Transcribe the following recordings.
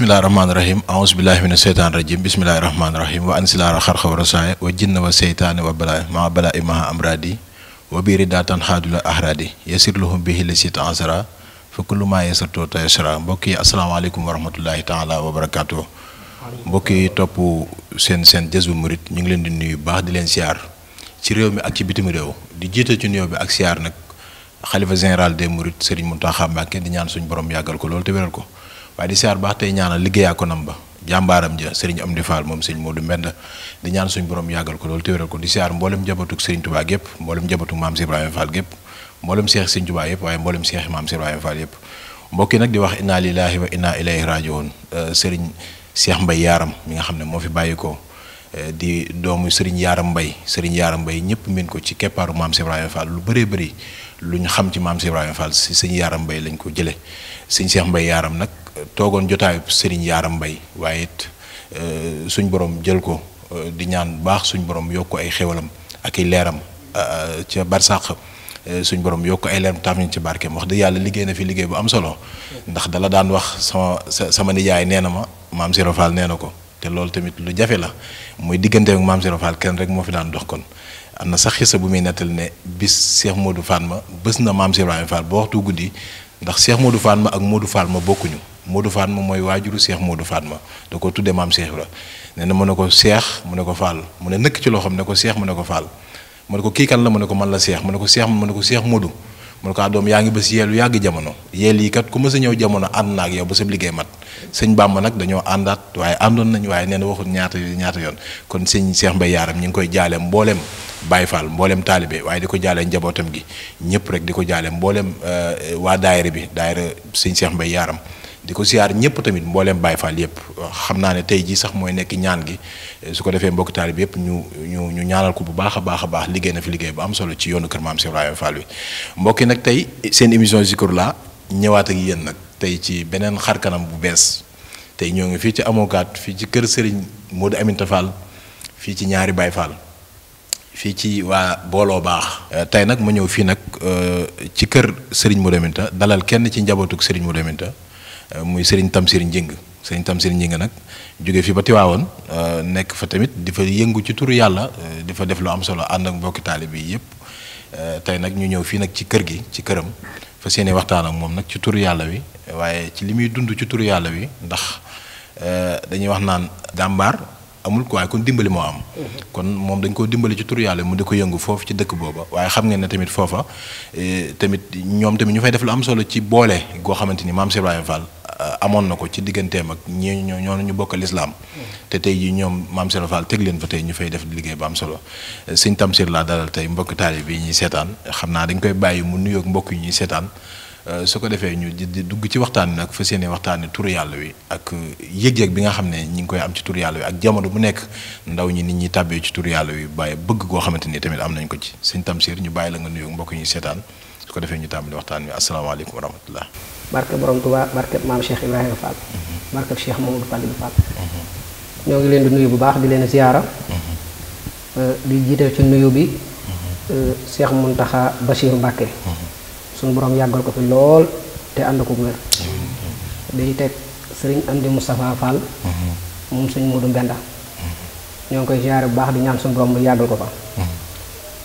bismillahi rahmaani rahim aousu billahi mina seytaan rajim bismillahi rahmaani rahim wa ansilaara xarxa wa rasaaya wa jinna wa seytaane wa balaay maa bala imaha amradi wa biiri daatan xaadula ahradi yasir lahum bihi la sit ansara fa kullu maa yasartoo tayasara mbokk yi asalaamaaleykum wa rahmatullahi taala wa barakaatu mbokk yi topp seen seen Jazboul Mouride ñu ngi leen di nuyu baax di leen siyaar ci réew mi ak ci bitim réew di jiite ci nuyoo bi ak siyaar nag xalifa général des Mourides Serigne Mountakha Mbacké di ñaan suñu borom yàggal ko loolu te wéral ko waaye di siyaar baax tey ñaanal liggéeyaa ko nam ba jàmbaaram ja sëriñ Amdi Fall moom sëriñ Modou Mbend di ñaan suñ borom yàggal ko loolu téwéral ko di siyaar mboolem jabatuk sëriñ Touba gépp mboolem jabatuk maam si Ibrahima Fall gépp mboolem seex sëriñ Touba yëpp waaye mboolem seex maam si Ibrahima Fall yëpp mbokki nag di wax inna lillahi wa inna ilayhi rajiun sëriñ euh, seex mbay yaaram mi nga xam ne fi bàyyi ko euh, di doomu sëriñ yaaram mbay sëriñ yaaram mbay ñëpp min ko ci keppaaru maam si Ibrahima Fall lu bëree bëri lu ñu xam ci maam si Ibrahima Fall si sëñ Yaaram Mbay lañ ko jëlee sëñ Cheikh Mbay Yaaram nag toogoon jotaayu sëriñ Yaaram Mbay waaye it euh, suñ borom jël ko euh, di ñaan baax suñ borom yokk ay xéwalam ak i leeram euh, ca barsàq suñ borom yokk ay leeram tam ñu ci barkeem wax dëgg yàlla liggéey na fi liggéey bu am solo ndax dala daan wax sama sama nijaay nee na ma maam si Ibrahima Fall nee na ko te loolu tamit lu jafe la muy diggante ak maam si Ibrahima Fall kenn rek moo fi daan dox kon. am na sax xisa bu muy nettal ne bis Cheikh Modou Fatma bés na maam Cheikh Ibrahima Fall ba waxtu guddi ndax Cheikh Modou ma ak Modou ma bokkuñu Modou Fatma mooy waajuru Cheikh Modou ma da ko tuddee maam Cheikh Ibrahima nee na mu ne ko Cheikh mu ne ko Fall mu ne nëkk ci loxoom ne ko Cheikh mu ne ko Fall mu ko kii kan la mu ne ko man la Cheikh mu ne ko Cheikh mu ne ko Cheikh Modou mu ne ko ah doom yaa ngi bés yeelu yàgg jamono yeel yi kat ku mës a ñëw jamono ànd na ak yow ba sa liggéey mat. sëñ Bàmba nag dañoo àndaat waaye àndoon nañ waaye nee na waxul ñaata ñaata yoon kon sëñ Cheikh Mbaye Yaaram ñu ngi koy jaale mbooleem Baye Fall mbooleem taalibe waaye di ko jaale njabootam gi ñëpp rek di ko jaale mbooleem euh, waa daayira bi daayira sëñ Cheikh Mbaye Yaaram di ko siyaar ñëpp tamit mbooleem Baye Fall yëpp xam naa ne tey jii sax mooy nekk ñaan gi su ko defee mbokk taalib yëpp ñu ñu ñu ñaanal ko bu baax a baax a baax liggéey na fi liggéey ba am solo ci yoonu kër maam Cheikh Ibrahima Fall mbokk yi nag tey seen émission Zikroullah ñëwaat ak yéen nag tey ci beneen xar kanam bu bees tey ñoo ngi fii ci amokaat fii ci kër Serigne Modou Aminta Fall fii ci ñaari Baye Fall fii ci waa booloo baax euh, tey nag ma ñëw fii nag euh, ci kër Serigne Modou Aminta dalal kenn ci njabootuk Serigne Modou Aminta euh, muy Serigne Tamsir Njing Serigne Tamsir Njing nag jóge fii ba Tiwaawoon nekk fa tamit di fa yëngu ci turu yàlla di fa def lu am solo ànd ak mbokki taalibe yi yëpp tey nag ñu ñëw fii nag ci kër gi ci këram fa yéene waxtaan ak moom nag ci turu yàlla wi waaye ci li muy dund ci turu yàlla wi ndax euh, dañuy wax naan dàmbaar amul ko waaye kon dimbali moo am. Mm-hmm. kon moom dañ koo dimbali ci turu yàlla mu di ko yëngu foofu ci dëkk booba waaye xam ngeen ne tamit foofa euh, tamit ñoom tamit ñu fay def lu am solo ci boole goo xamante ni maam Cheikh Ibrahima Fall. Euh, amoon na ko ci digganteem ak ñi ñoo ñoo ñu bokk lislaam te tey jii ñoom maam Serigne teg leen fa tey ñu fay def liggéey ba am solo sëñ Tamsir laa dalal tey mbokk taalibe yi ñuy seetaan xam naa dañ koy bàyyi mu nuyoog mbokk yi ñuy seetaan euh, su ko defee ñu di dugg ci waxtaan nag fa seeni waxtaane tur yàlla wi ak yëg-yëg bi nga xam ne ñi ngi koy am ci tur yàlla wi ak jamono bu nekk ndaw ñi nit ñi tàbbee ci tur yàlla wi bàyyi bëgg goo xamante ni tamit am nañ ko ci sëñ Tamsir ñu bàyyi la nga nuyoog mbokk yi ñuy su ko defee ñu tàmbali waxtaan wi asalaamaaleykum wa rahmatullah barke borom tuba barke maam cheikh ibrahima fall barke mm-hmm. cheikh mamadou fall fallil fall mm-hmm. ñoo ngi leen di nuyu bu baax di leen ziara mm-hmm. eh, di jiital ci nuyu bi eh, cheikh muntaha bashir mbàkke sun borom yàggal ko fi lool te ànd ko wér day teg sëriñ am di moustapha fall moom suñ mudu mbenda ñoo ngi koy ziara bu baax di ñaan sun borom mu yàggal ko fa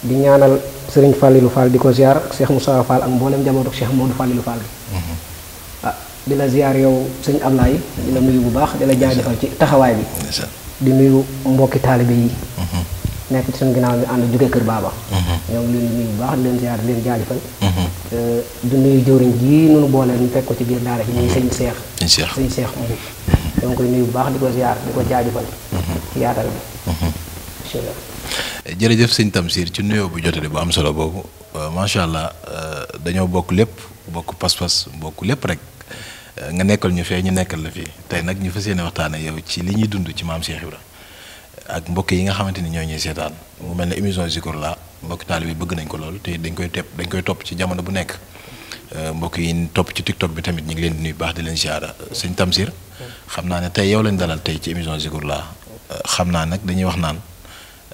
di ñaanal sëriñ Fallilou Fall di ko ziar ak mu Moussa Fall ak mboolem njabootu Cheikh Modou Fallilou Fall gi mm-hmm. ah di la ziar yow sëñ Ablaye di la nuyu bu baax di la jaajëfal ci taxawaay bi di nuyu mbokki taalibe yi mm-hmm. nekk ci suñu ginnaaw ñu ànd jóge kër baaba ñoo mm-hmm. baax di leen ziar di leen jaajëfal di nuyu jëwriñ ji nunu boole ñu fekk ko ci biir daara ji muy sëñ Cheikh sëñ Cheikh moom ñoo ngi koy nuyu bu baax di ko ziar di ko jaajëfal ci yaatal bi jërëjëf sëñ Tamsir ci nuyoo bu jotale bu am solo boobu euh, macha allah euh, dañoo bokk lépp bokk pas-pas bokk lépp rek euh, nga nekkal ñu fee ñu nekkal la fii tey nag ñu fas yéene waxtaane yow ci li ñuy dund ci maam Cheikh Ibra ak mbokk yi nga xamante ni ñoo ñuy seetaan mu mel ne émission Zikrullah mbokk taalibe bi bëgg nañ ko lool te dañ koy tepp dañ koy topp ci jamono bu nekk mbokk yi topp ci TikTok bi tamit ñu ngi leen di nuy baax di leen ziara sëñ Tamsir mm. xam naa ne tey yow lañ dalal tey ci émission Zikrullah xam naa nag dañuy wax naan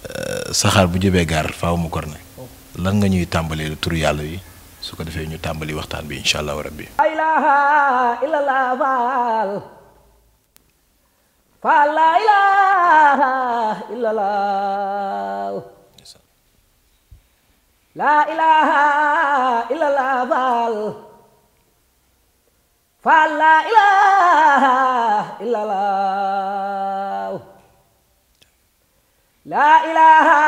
Euh, saxaar bu jëbee gaar faaw mu korne lan nga ñuy tàmbalee turu yàlla yi su ko defee ñu tàmbali waxtaan bi incha allahu rabbi laa ilaaha illallah faal faal laa ilaaha ilaaha ilaaha laa ilaaha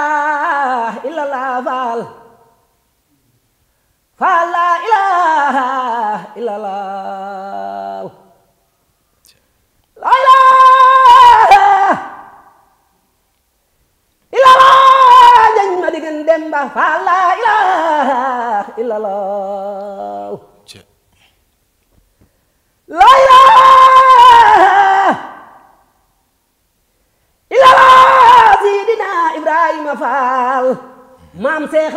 illallah faal faal ilaaha illallah laa ilaaha illallah faal laa ilaaha illallah Ibrahima Faal maam Seex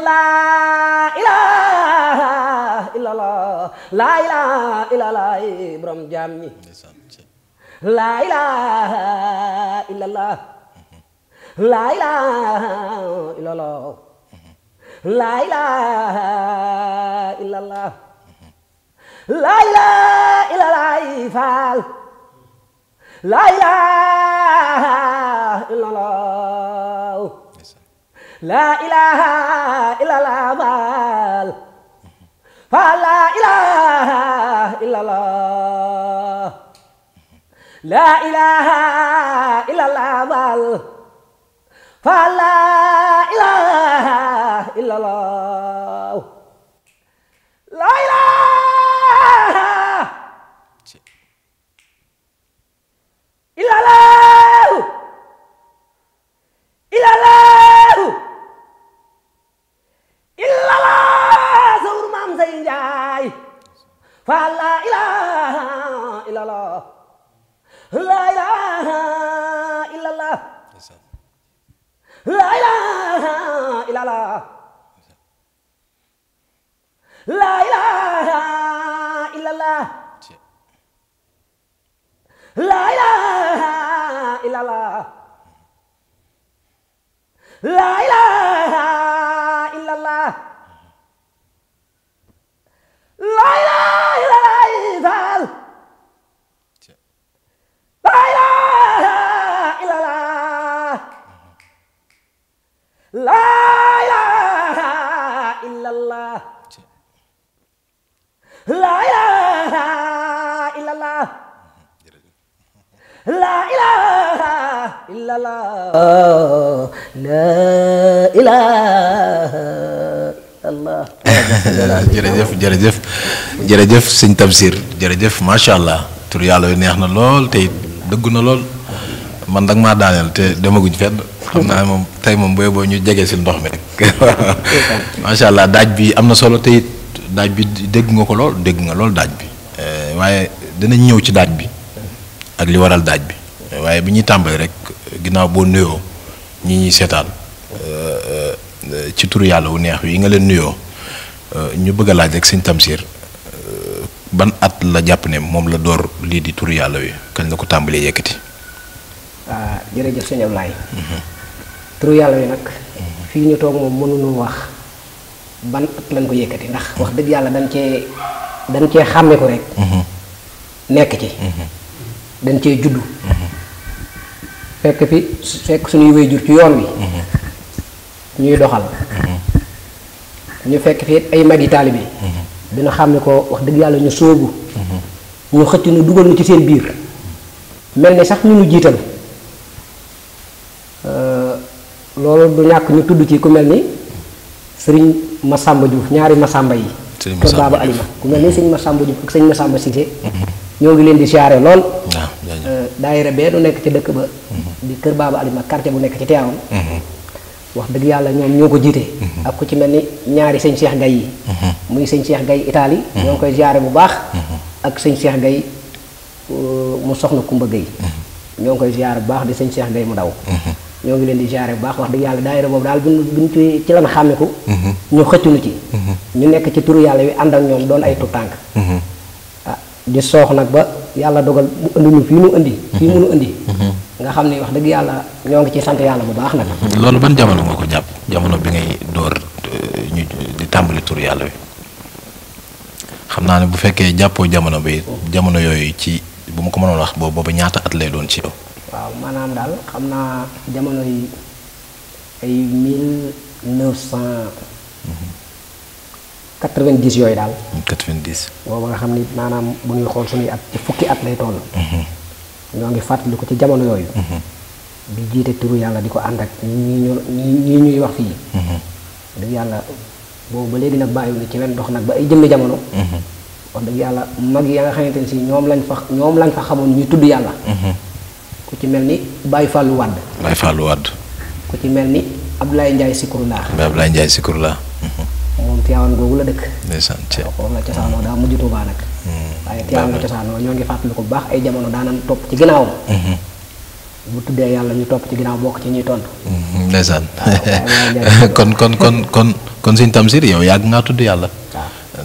لا إله إلا الله فلا إله إلا الله لا إله إلا الله فلا إله إلا الله لا إله إلا الله إلا الله fa la ilaha illallah laa ilaaha illallah laa ilaaha illallah laa ilaaha illallah jërëjëf jërëjëf jërëjëf sëñ Tamsir jërëjëf macha allah tur yàlla yu neex na lool te dëggu na lool man dag maa daaneel te demaguñ fenn xam naa moom tey moom booy boo ñu jege si ndox mi rek macha allah daaj bi am na solo te daaj bi dégg nga ko lool dégg nga lool daaj bi eh, waaye dinañ ñëw ci daaj bi ak li waral daaj bi eh, waaye bi ñuy tàmbali rek ginnaaw boo nuyoo ñi ñuy seetaan eh, ci turu yàlla wu neex yi nga leen nuyoo ñu bëgg laaj rek sëñ Tamsir ban at la jàpp ne moom la door lii di turu yàlla wi kañ la ko tàmbali yëkkati. Ah, mhm. turu yàlla wi nag. Mhm. fii ñu toog moom mënuñu wax. ban at lañ ko yëkkati ndax wax dëgg yàlla dañ cee dañ cee xàmme ko rek mm-hmm. nekk ci mm-hmm. dañ cee juddu mm-hmm. fekk fi fekk suñuy wéyjur ci yoon wi ñuy doxal ñu fekk fi ay mag yi taalibe dina xam ne ko wax dëgg yàlla ñu sóobu ñu xëcc ñu dugal ñu ci seen biir mel ni sax ñu ñu jiital euh, loolu du ñàkk ñu tudd ci ku mel ni sëriñ Massamba Diouf ñaari Massamba yi. sëriñ Massamba Kër Baaba Alima ku mel sëñ ma Massamba Diouf ak sëriñ Massamba Cissé. Mhm. ñoo ngi leen di siyaare lool. Euh, daayira bee du nekk ci dëkk ba. Mhm. di Kër Baaba Alima quartier bu nekk ci Tivaouane. Mhm. wax dëgg yàlla ñoom ñoo ko jiite. ak ku ci mel ni ñaari sëñ Cheikh Gaye yi. muy sëñ Cheikh Gaye Italie. ñoo ngi koy siyaare bu baax. ak sëñ Cheikh Gaye euh, mu soxna Kumba Gaye ñoo ngi koy siyaare bu baax di sëñ Cheikh Gaye mu daw. ñoo ngi leen di jaare bu baax wax dëgg yàlla daayira boobu daal buñ buñ ci ci lan xàmmiku mhm. ñu xëccunu ci mhm. ñu nekk ci turu yàlla wi ànd ak ñoom doon ay tutànk tànk mhm. ah di soox nag ba yàlla dogal mu indi ñu nu nga xam ne wax dëgg yàlla ñoo ngi ci sant yàlla bu baax nag loolu ban jamono nga ko jàpp jamono bi ngay door euh, ñu di tàmbali turu yàlla wi xam naa ne bu fekkee jàppoo jamono bi oh. jamono yooyu ci bu ma ko mënoon wax boobu boobu ñaata at lay doon ci yow waaw maanaam daal xam naa jamono yi ay mille neuf cent quatre-vingt-dix yooyu daal. quatre-vingt-dix. booba nga xam ni maanaam bu ñuy xool suñuy at ci fukki at lay toll. Mhm. ñoo ngi fàttali ko ci jamono yooyu. bi mhm. jiite turu yàlla di ko ànd ak ñi ñuy ñuy wax fii. Mhm. dëgg yàlla boobu ba léegi nag bàyyiwuñu ci wenn dox nag ba ay jëmmi jamono. wax dëgg yàlla mag ya nga xamante si ñoom lañ fa ñoom lañ fa xamoon ñu tudd yàlla. ku ci mel Baye fallu wad Baye fallu wad ku ci mel ni Abdoulaye Ndiaye Sikurla Abdoulaye Ndiaye Sikurla mom tiawon googu la dekk ndeysaan ci ko la cosaanoo daa mujj tuubaa nag hmm. waye tiawon ci cosaanoo ñoo ngi fàttali ko bax ay jamono nan top ci ginnaawam hmm. bu tuddé yalla ñu top ci ginaaw bok ci ñi tontu hmm, ndeysaan kon kon kon kon kon sin tamsir yow yag nga tudd yalla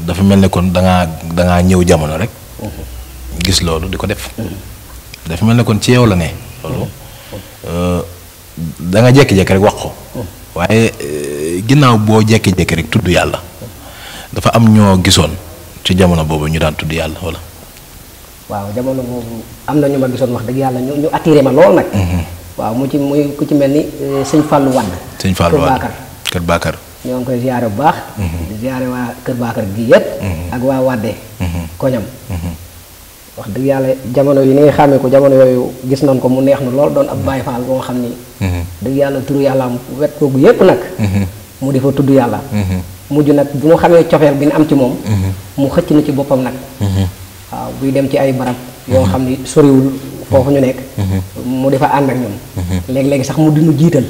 dafa melni kon da nga da nga ñew jamono rek gis lolu diko def dafa mel ne kon ci yaw la ne. loolu euh, da nga jékki rek wax ko. waaye euh, ginnaaw boo jékki-jékki rek tudd yàlla. dafa am ñoo gisoon ci jamono boobu ñu daan tudd yàlla waaw jamono boobu am na ñu ma gisoon wax dëgg yàlla ñu ñu attiré ma lool nag. Mm-hmm. waaw mu ci muy ku ci mel ni euh, sëñ Fallou Wade. sëñ Fallou Wade Kër Bakar ñoo ngi koy ziare bu baax. di mm-hmm. ziare waa Kër Bakar gi yëpp. Mm-hmm. ak waa Wade. koñam. wax dëgg yàlla jamono yi ni nga xàmmee ko jamono yooyu gis nañ ko mu neex na lool doon ab mm-hmm. Baay Faal boo xam ni. Mm-hmm. dëgg yàlla turu yàlla am wet googu yépp nag. Mm-hmm. mu di fa tudd yàlla. mujj nag bu mu xamee cofeel bi ñu am ci moom. mu xëcc na ci boppam nag. waaw buy dem ci ay barab yoo xam ni soriwul foofu ñu nekk. mu di fa ànd ak ñoom. léeg-léeg sax mu di jiital.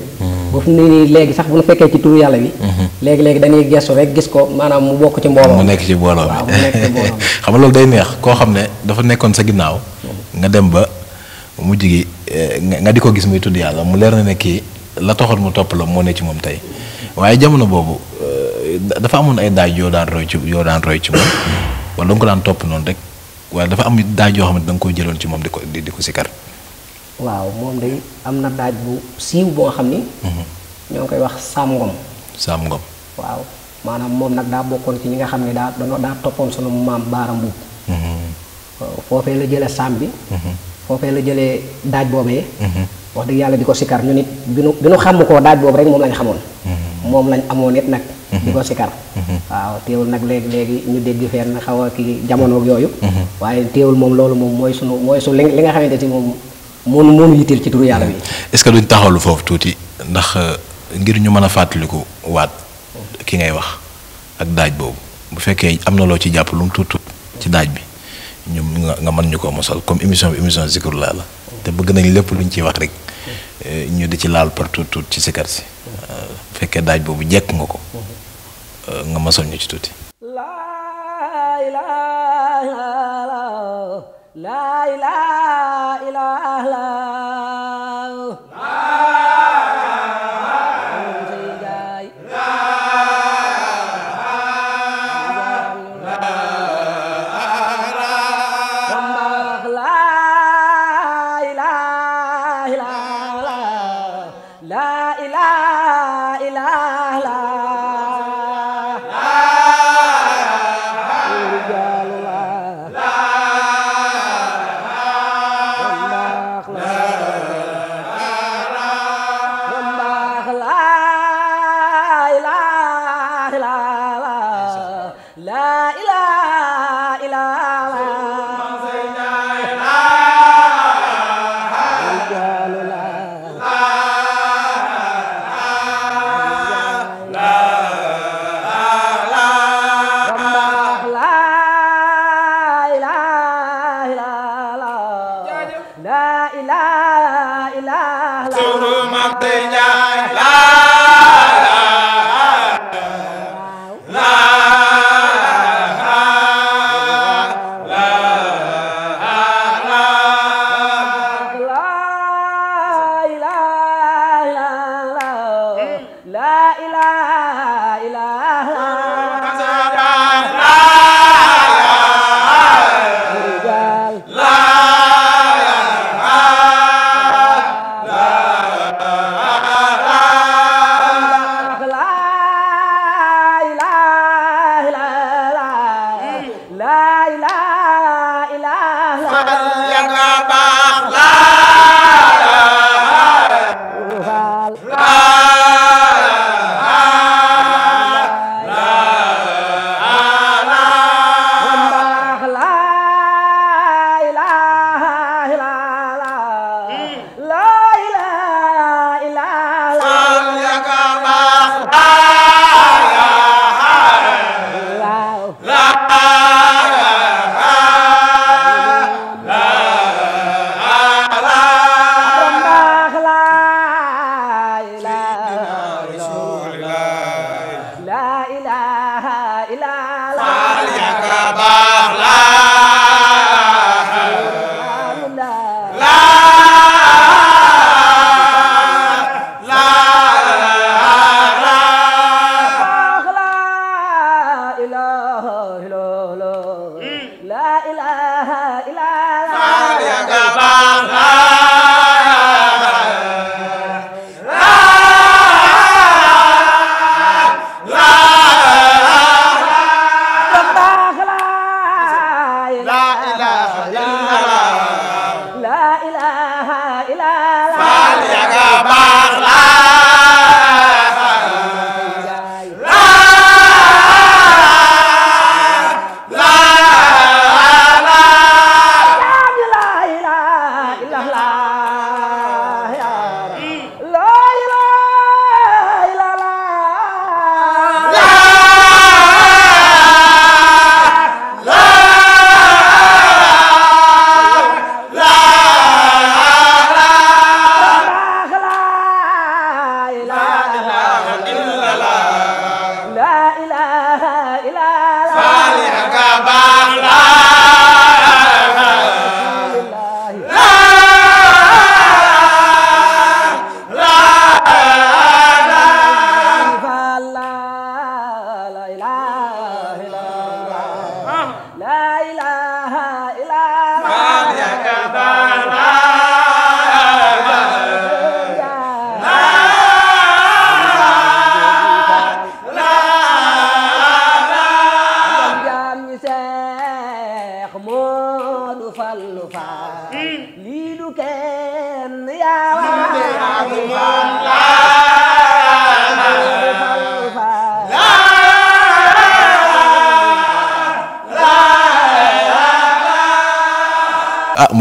ba fu nii léegi sax bu nu fekkee ci turu yàlla bi mhm. léegi léegi dañuy gestu rek gis ko maanaam mu bokk ci mbooloo mu nekk ci mbooloo waaw xam nga loolu day neex koo xam ne dafa nekkoon sa ginnaaw mhm. nga dem ba mujj gi eh, nga di ko gis muy tudd yàlla mu leer na ne la taxoon mu topp la moo ne ci moom tey waaye jamono boobu eh, dafa amoon ay daaj yoo daan roy ci yoo daan ci moom wala da nga ko daan topp noonu rek wala dafa am daaj yoo xam ne da nga koy jëloon ci moom di ko di ko sikar waaw moom day am na daaj bu siiw boo xam ni. Mhm. ñoo ngi koy wax Sam Ngom. Sam Ngom waaw maanaam moom nag daa bokkoon ci ñi nga xam ne daa daa toppoon sunu maam Baara Mbuub. Mhm. foofee la jëlee saam bi. Mhm. foofee la jële daaj boobee. wax dëgg yàlla di ko sikar ñu nit bi nu bi nu xàmm koo daaj boobu rek moom lañ xamoon. moom lañ amoon it nag. di ko sikar. waaw teewul nag léegi léegi ñu dégg fenn xaw a kii jamonoog yooyu. waaye teewul moom loolu moom mooy sunu mooy su li nga xamante moom moom yitteel ci yàlla bi. est-ce que duñ taxawlu foofu tuuti ndax euh, ngir ñu mën a fàttaliku waat ki ngay wax ak daaj boobu bu fekkee am na loo ci jàpp lu tuut tuut ci daaj bi ñu nga mën ñu ko mosal comme émission bi émission Zikrullaah la te bëgg nañ lépp luñ ci wax rek euh, ñu di ci laal par tuut tuut ci sikar si bu euh, fekkee daaj boobu jekk nga ko nga mosal ñu ci tuuti. la ilaha illa allah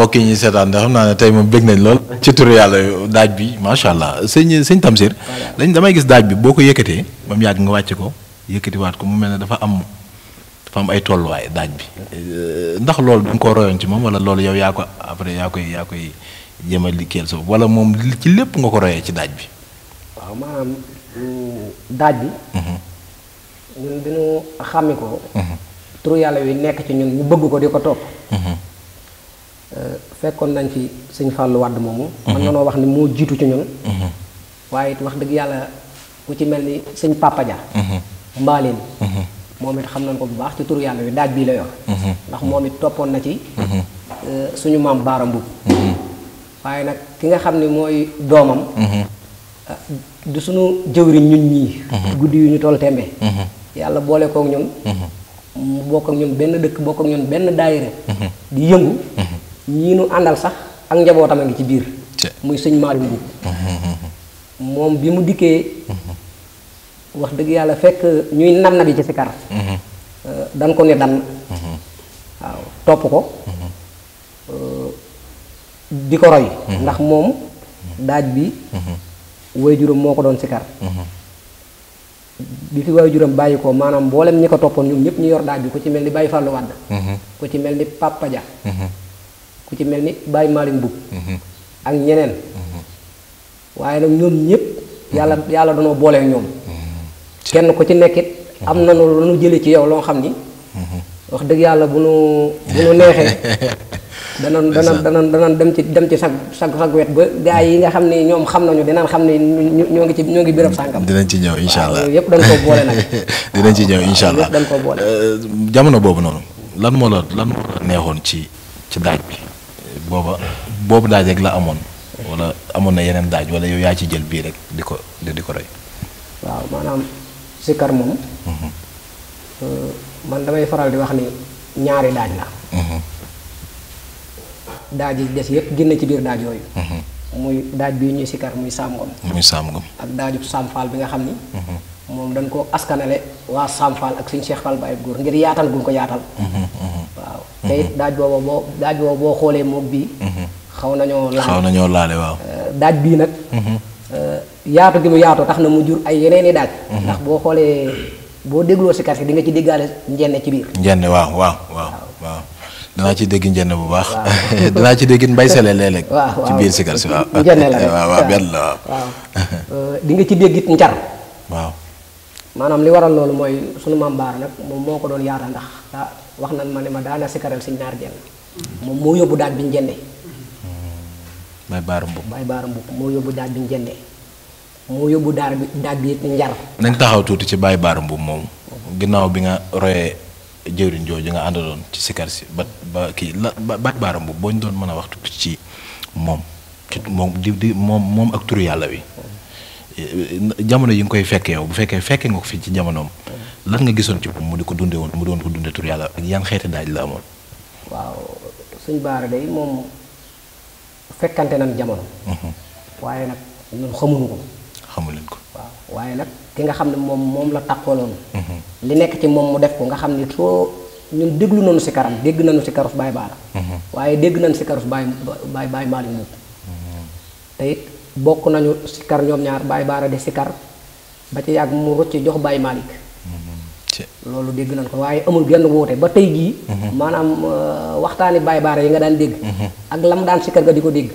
mbokk yi ñu seetaan ndax xam naa ne tey moom bëgg nañ lool ci turu yàlla daaj bi macha allah sëñ sëñ Tamsir dañ damay gis daaj bi boo ko yëkkatee ba mu yàgg nga wàcce ko waat ko mu mel ne dafa am dafa am ay tolluwaay daaj bi euh, ndax loolu du nga ko royoon ci moom wala lool yow yaa ko après yaa koy yaa koy jéem a liggéeyal sa wala moom ci lépp nga ko royee ci daaj bi. waaw maanaam daaj bi. Mhm. ñun dañoo xàmme ko. Mhm. turu yàlla wi nekk ci ñun ñu bëgg ko di fekkoon nañ fi sëñ Fallou Wade moomu. mën na noo wax ni moo jiitu ci ñun. waaye it wax dëgg yàlla ku ci mel ni sëñ Papa Dia. Mbaaleen. moom it xam nañ ko bu baax ci turu yàlla bi daaj bii lay yor. ndax moom it toppoon na ci. Euh, suñu maam Baara Mbuub. waaye nag ki nga xam ni mooy doomam. du suñu jëwriñ ñun ñii. guddi yu ñu toll tembe. yàlla boole kook ñun. mu bokk ak ñun benn dëkk bokk ak ñun benn daayira di yëngu. ñinu andal sax ak njabootam a ngi ci bir muy seigne Malick Mbuub mom bi mu diké wax deug yalla fekk ñuy nam na bi ci sikar mhm. dan ko ne dan mhm. waaw top ko mhm. diko roy ndax mom daaj bi way moko don sikar bi fi waay bayiko manam ko maanaam mboolem ñi ko toppoon ñu yor daaj bi ko ci melni Baye Fallou Wade ci melni Papa ja ku ci mel ni Baye Malick Mboup mhm. ak ñeneen mhm. waaye nag ñoom ñëpp yàlla mhm. yàlla danoo boolee ñoom kenn ku ci nekkit am na lu nu jëlee ci yow loo xam ni wax dëgg yàlla bu nu bu nu neexee danan danan danan danan dem ci dem ci sag sag sag wet ba gars yi nga xam ne ñoom xam nañu dinañ xam ne ñoo ngi ci ñoo ngi béréb sàngam. dinañ ci ñëw incha allah waaw yëpp dañ koo boole nag. dinañ ci ñëw incha allah dañ koo boole. Euh, jamono boobu noonu lan moo la lan moo la neexoon ci ci daaj booba boobu daaj rek la amoon. wala amoon na yeneen daaj wala yow yaa ci jël bii rek di ko di ko roy. waaw maanaam sikar moom. Mhm. Euh, man damay faral di wax ni ñaari daaj la. Mhm. daaj yi des yëpp génn ci biir daaj yooyu. Mhm. muy daaj bi ñuy sikar muy Sam Ngom. muy Sam Ngom ak daajub Sam Fall bi nga xam ni. moom dañ koo askanale waa Sam Fall ak suñu Cheikh Fall Baye Góor ngir yaatal guñ ko yaatal. waaw te it daaj booba boo daaj booba boo xoolee moog bii mhm. xaw nañoo laale xaw nañoo laale waaw euh, daaj bii nag mhm. euh, yaatu gi mu yaatu tax na mu jur ay yeneen i daaj mhm. ndax boo xoolee boo dégloo si quartier di nga ci déggaale njenn ci biir njenne waaw waaw waaw waaw ci dégg njenne bu baax danaa ci dégg mbay sele léeg-léeg waaw ci biir sikar si waaw njenne la waaw waaw benn la waaw waaw euh, di nga ci dégg it ncar maanaam li waral loolu mooy sunu maam baar nag moom moo ko doon yaata ndax wax nan ma ne ma daana sikaral si naar jenn moom moo yóbbu daaj bi ñu jëndee. bay baaru mbub bay moo yóbbu daaj bi ñu jëndee moo yóbbu daaj bi daaj bi njar. nañ taxaw tuuti ci baay baaru mbub moom ginnaaw bi nga royee jëwriñ jooju nga àndaloon ci sikar si ba ba kii ba bay baaru mbub boo ñu doon mën a wax tuuti ci moom ci moom di di moom moom ak turu yàlla wi. Eh, jamono yi nga koy fekkee yow bu fekkee fekkee nga ko fi ci jamonoom. lan nga gisoon ci mu di ko dundee woon mu doon ko dundee tur yàlla ak yan xeeti daaj la amoon. waaw suñ baara day moom fekkante nañ jamono. Mhm. waaye nag ñun xamuñu ko. xamu ko. waaw waaye nag ki nga xam ne moom moom la tàqaloon. Mhm. li nekk ci moom mu def ko nga xam ne soo ñun déglu nañu si karam dégg na nañu si karus baay baara. Mhm. waaye dégg nañu si karus baay baay baay maali te it bokk nañu sikkar ñoom ñaar Baye Baara di sikkar ba ci yàgg mu rocc jox Baye Malick mm-hmm. loolu dégg nañ ko waaye amul genn woote ba tey jii mm-hmm. maanaam euh, waxtaani Baye Baara yi nga daan dégg mm-hmm. ak lam daan sikkar nga di ko dégg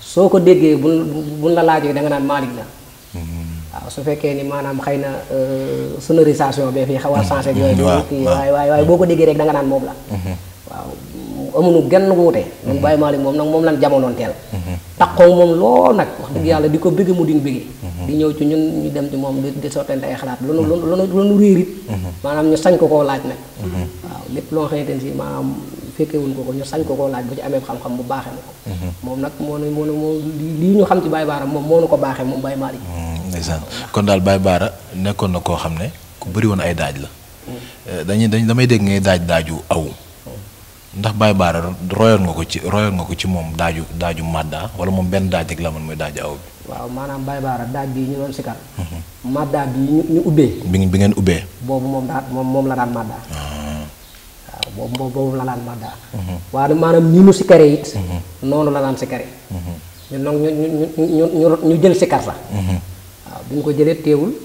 soo ko déggee buñ buñ la laajee da nga naan Malick la waaw su fekkee ni maanaam xëy na euh, sonorisation bee fii xaw a changé ak waaye waaye boo ko déggee rek da nga naan moom la waaw amuñu genn wuute ñun Baye Malick moom nag moom lan jamonoon teel taqoo moom lool nag wax dëgg mhm. yàlla di ko bëgg mu di ñu bëgg mhm. di ñëw ci ñun ñu dem ci moom di sottante ay xalaat lu nu lu mhm. nu lu nu réer it maanaam ñu sañ ko koo laaj nag waaw lépp loo ko ko ñu sañ ko koo laaj bu ci amee xam-xam bu baaxee na ko moom nag moo ne moo ne moo lii ñu xam ci Baye Baara moom moo nu ko baaxee moom Baye Malick ndeysaan kon daal Baye Baara nekkoon na koo xam ne ku bëri woon ay daaj la eh, dañuy dañ damay dégg ngay daaj daaju aw ndax bay baara royon nga ko ci royon nga ko ci mom daaju daaju madda wala mom ben daaj rek la man moy daaju aw bi waaw manam bay baara daaj bi ñu doon sikar mhm. madda bi ñu ubbe bi bi ngeen ubbe bobu mom daat mom mom la daan madda ah. waaw boobu bobu la daan madda mhm. waaye manam ñu nu sikare it mhm. nonu la daan sikare ñu ñu ñu ñu ñu jël sikar la waaw bu ko jëlé teewul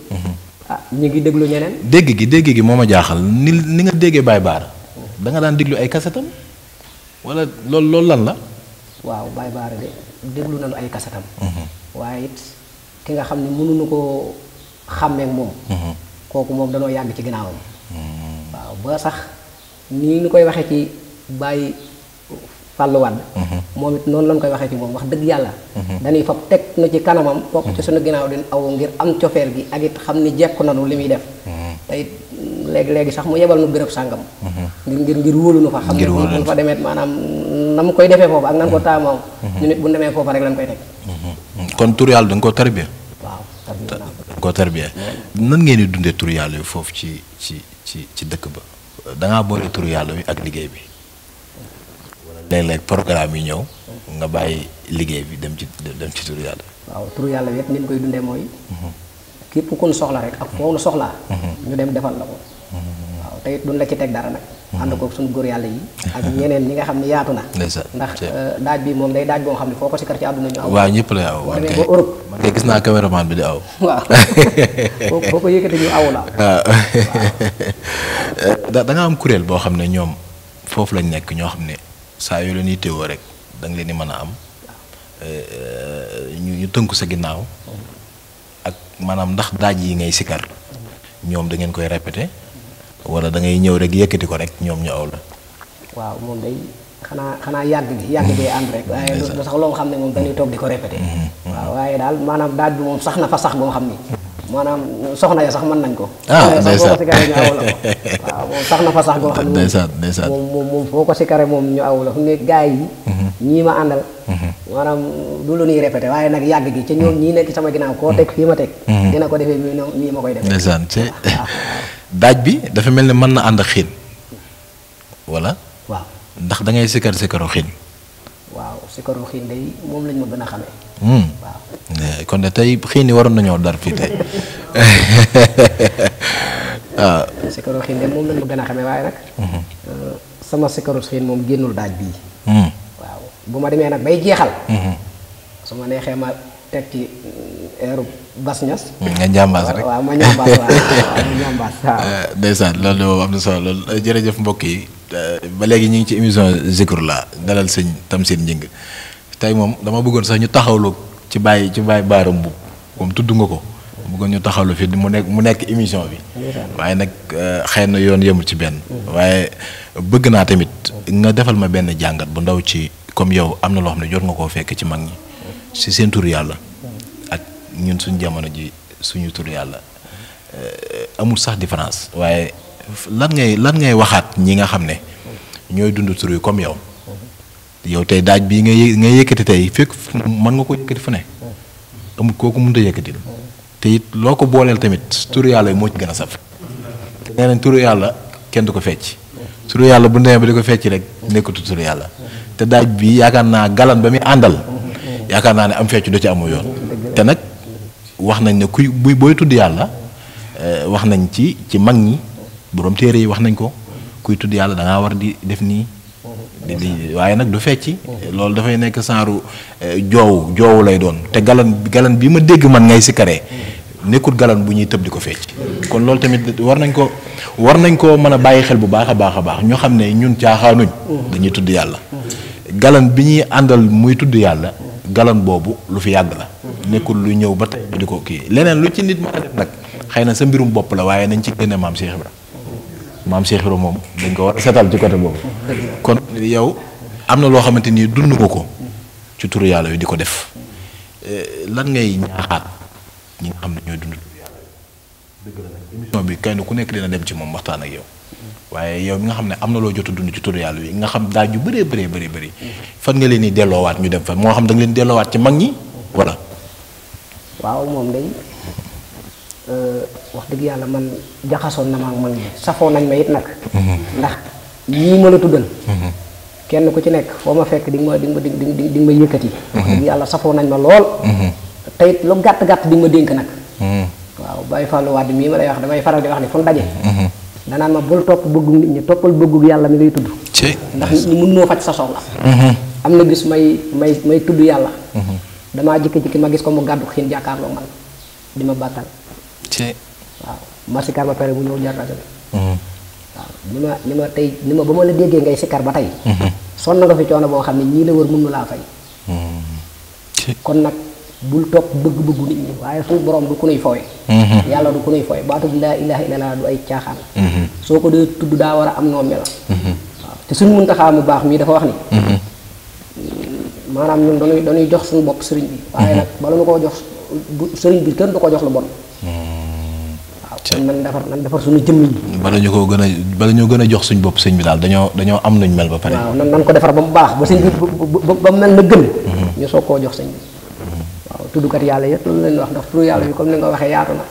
ah ñi ngi déglu ñeneen dégg gi dégg gi moma jaaxal ni nga déggé bay baara da nga daan déglu ay kasetam wala lool loolu lan la. waaw Baye Bara de déglu nanu ay kasetam. Mhm. waaye it ki nga xam ne mënuñu koo xàmmeek moom. Mhm. kooku moom danoo yàgg ci ginnaawam. Mhm. waaw ba sax nii ñu koy waxee ci bàyyi Fallou Wade. moom it noonu lañ koy waxee ci moom wax dëgg yàlla. dañuy fab teg na ci kanamam. topp ci suñu ginnaaw di aw ngir am cofeel bi ak it xam ni jekku nañu li muy def. te léegi léegi sax mu yebal nu bërëb sàngam mhm. ngir ngir ngir wóolu nu fa xam ne bu fa demee maanaam na mu koy defee foofu ak nan ko mhm. taamoo mhm. ñu nit bu demee foofa rek lañ koy kon tur yàlla ko tarbiya waaw tarbiya danga ko nan ngeen di dundee tur yàlla yi foofu ci ci ci ci dëkk ba dangaa boole tur yàlla wi ak liggéey bi léeg-léeg programme yi ñëw nga bàyyi liggéey bi dem ci dem ci tur yàlla waaw tur yàlla bi it ni koy dundee mooy képp ku ñu soxla rek ak foofu nu soxlaa ñu dem defal la ko waaw te it la ci teg dara nag. Mhm. ànd koog suñu góor yàlla yi. ak ñeneen ñi nga xam ne yaatu na. ndax euh, daaj bi moom day daaj boo xam ne foo ko si kër ci àdduna ñu lay aw waaw kay Europe. man gis naa caméraman bi di aw. waaw boo am kuréel boo xam ne ñoom foofu lañ nekk ñoo xam ne saa yoo leen yittewoo rek da leen di mën a am ñu tënk sa ginnaaw mhm. ak maanaam ndax daaj yi ngay sikar ñoom da ngeen koy répété. wala da ngay ñëw rek yëkkati ko rek ñoom ñu aw la. waaw moom day xanaa xanaa yàgg gi yàgg gi ànd rek. Mm-hmm. waaye sax loo xam ne moom dañuy toog di ko répété. Mm-hmm. waaw mm-hmm. waaye daal maanaam daaj bi moom sax na fa sax boo xam ni. maanaam soxna ya sax mën nañ ko. ah moom sax na fa sax goo xam ne moom moom foo ko si kare moom ñu aw la fu ne gaay yi. ñii ma àndal. maanaam du lu ñuy répété waaye nag yàgg gi ci ñoom ñii nekk sama ginnaaw koo teg fii ma teg. dina ko defee nii ma koy defee. ndeysaan daaj bi dafa mel ni mën na ànd ak xiin wala. waaw ndax da ngay sikkar sikkaru xiin. waaw sikkaru xiin moom lañ ma gën a hmm. kon de tey xiin yi waroon nañoo dar ah. moom lañ ma gën a xamee waaye nag. Hmm. Euh, sama sikkaru xiin moom génnul daaj bi hmm. waaw bu ma demee nag bay jeexal. su ma neexee ma teg ci eeru euh, Bass Niass. Mm, nga njàmbaas rek waaw ma njàmbaas waaw ma eh, loolu am na solo loolu eh, jërëjëf mbokk yi eh, ba léegi ñu ngi ci émission Zikroullah dalal sëñ seen Gningue tey moom dama bëggoon sax ñu taxawlook ci bàyyi ci bàyyi baaram bu comme tudd nga ko. bëggoon ñu taxawlu fii mu nekk mu nekk émission bi. waaye nag xëy na yoon yemul ci benn. Mm-hmm. waaye bëgg naa tamit nga defal ma benn jàngat bu ndaw ci comme yow am na loo xam ne jot nga koo fekk ci mag ñi. si seen tur yàlla. ñun suñu jamono ji suñu tur yàlla euh, amul sax différence waaye lan ngay lan ngay waxaat ñi nga xam ne ñooy dund tur yi comme yow yow tey daaj bii nga nga yëkkati tey fekk mën nga ko yëkkati fu ne amul kooku mënut a yëkkati te loo ko booleel tamit turu yàlla yi moo ci gën a saf nee nañ turu yàlla kenn du ko fecc turu yàlla bu ndemee ba di ko fecc rek nekkatu turu yàlla te daaj bi yaakaar naa galan ba muy àndal yaakaar naa ne am fecc du ci amul yoon te nag wax nañ ne kuy buy booy tudd yàlla eh, wax nañ ci ci mag ñi borom téere yi wax nañ ko kuy tudd yàlla da war di def nii waaye nag du fecci loolu dafay nekk saaru joowu eh, joowu lay doon te galan galan bi ma dégg man ngay sikkaree nekkut galan bu ñuy tëb di ko fecc kon loolu tamit war nañ ko war nañ koo mën a bàyyi xel bu baax a baax a baax ñoo xam ne ñun caaxaanuñ dañuy tudd yàlla galan bi ñuy àndal muy tudd yàlla galan boobu lu fi yàgg la. nekkul lu ñëw ba tey di ko kii leneen lu ci nit mën a def nag xëy na sa mbirum bopp la waaye nañ ci génne maam Cheikh Ibra maam Cheikh moom dañ ko war a setal ci côté boobu. kon yow am na loo xamante ni dund nga ko ci turu yàlla yi di ko def eh, lan ngay ñaaxaat ñi nga xam ne ñooy dund turu yàlla dëgg la nag bi kenn ku nekk dina dem ci moom waxtaan ak yow. waye yow mi nga xamne amna lo jottu dund ci turu yalla wi nga xam da ju beure beure beure beure fan nga leni delo wat ñu dem fa mo xam da nga leni delo wat ci mag ñi wala waaw mom day euh wax deug yalla man jaxason na ma ak mag ñi safo nañ ma yit nak mhm. ndax ñii ma la tuddal mhm. kenn ku ci nek fo ma fekk di nga ma di nga ma di nga ma yëkkati wax dëgg mhm. yàlla nañ ma lool tayit lu gatt gatt di ma denk nak waaw bay fallu wat mi ma lay wax damay faral di wax ni fu daje danaan ma bul topp bëggu nit ñi toppal bëggu yàlla mi ngay tudd ndax mun noo faj sa soxla mhm. am na gis may may may tudd yàlla mhm. damaa jikki-jikki ma gis ko mu gàddu xiin jàkkaarloo man di ma bàttal waaw ma sikar ba pare bu ñëw jar bi mhm. waaw ni ma ni ma tey ni ma ba ma la déggee ngay sikar ba tey sonn nga fi coono boo xam ne ñii la wër mënu laa fay kon nag bul topp bëgg-bëggu nit ñi waaye suñu borom du ku nuy fowe mhm. yàlla du ku nuy fowe baatub laa ilaha illallah du ay caaxaan mhm. soo ko dee tudd daa war a am noo mel mhm. waaw te suñ baax mii dafa wax ni maanaam ñun dañuy dañuy jox suñu bopp sëriñ bi waaye koo jox sëriñ bi kenn du ko jox lu bon nan defar nan defar suñu jëmm yi bala ñu ko gën a bala ñu gën a jox suñ bopp sëñ bi daal dañoo dañoo am nañ mel ba pare nan nan ko defar ba mu baax ba sëñ bi ba mu mel na gën ñu soog koo jox sëñ bi tuddu kat yàlla yëpp loolu leen wax ndax turu yàlla bi comme ni nga waxee yaatu na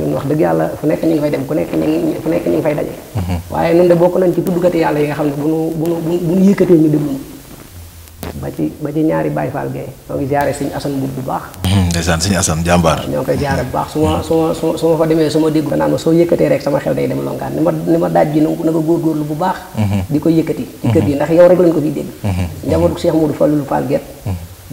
ñun wax dëgg yàlla fu nekk ñu ngi fay dem ku nekk ñu ngi fu nekk ñu ngi fay daje mhm. waaye ñun de bokk nañ ci tuddu kat yàlla yi nga xam ne bu nu bu nu bu nu yëkkatee ñu dem ba ci ba ci ñaari Baye faal gay ñoo ngi ziare suñu asan bu bu baax mhm, ndeysaan suñu asan jàmbaar ñoo ngi koy ziare bu baax su ma su ma su ma fa demee su ma dégg naan ma soo yëkkatee rek sama xel day dem longaan ni ma ni ma daaj ji na nga góorgóorlu bu baax mhm. di ko yëkkati ci kër gi ndax yow rek lañ ko fiy dégg njabootu Cheikh Modou Fallou Fall Guet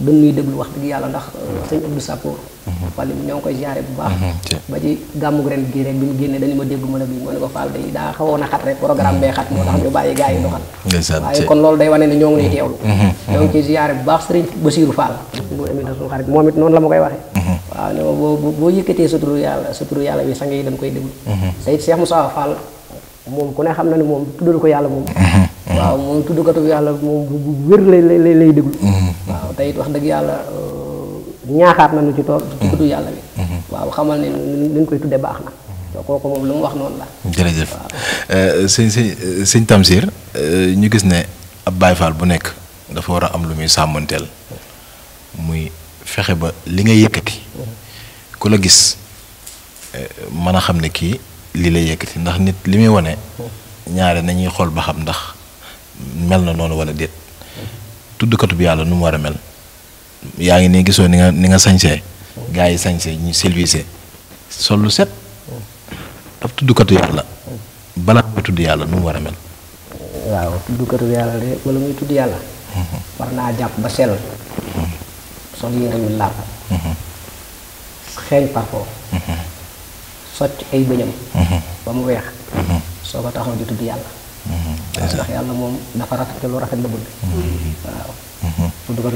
gën ñuy déglu wax dëgg yàlla ndax euh, sëñ Abdou Sappour mhm. wàllu ñoo ngi koy ziare bu baax mhm, ba ci gàmmu ren gii rek bi ñu génnee dañu ma dégg mën a bii moo ne ko Fall day daa xawoon a xat rek programme bee xat moo tax ñu bàyyi gars yi loolu day wane ne ñoo ngi lay teewlu mhm, ñoo ngi koy bu baax sëriñ Basirou Fall bu émita suñu xarit moom it noonu la ma koy waxee waaw ne ma boo boo yëkkatee suturu yàlla suturu yàlla bi sang yi dañ koy déglu Seydou Cheikh Moussa Fall moom ku ne xam na ne moom tuddal ko yàlla moom waaw moom tuddkatu yàlla moom bu wér lay lay lay déglu. Mhm. waaw te wax dëgg yàlla euh, ñaaxaat nañu ci tool. Mhm. tuddkatu yàlla bi. Mhm. waaw xamal ne ni ñu koy tuddee baax na. kooku moom lu mu wax noonu la. jërëjëf euh, sëñ sëñ euh, sëñ Tamsir ñu gis ne ab Baye Fall bu nekk dafa war a am lu muy sàmmanteel muy fexe ba li nga yëkkati ku la gis mën a xam ne kii lii lay yëkkati ndax nit li muy wane ñaare nañuy xool ba xam ndax. mel na noonu wala det tuddkatu katub yalla nu mu mel ya ngi nii gisoo ni nga ni nga sañsee gaay yi sañsee ñu silvisé sol set daf katub yalla bala ko tudd yalla nu mu mel waaw katub yalla de wala muy tudd yàlla mhm. war naa jàpp ba sell mhm. sol yére yu làpp mhm. xeeñ parfo socc ay bëñam ba mu weex soo taxaw di tudd yalla ndax yàlla moom dafa rafet te lu rafet la waaw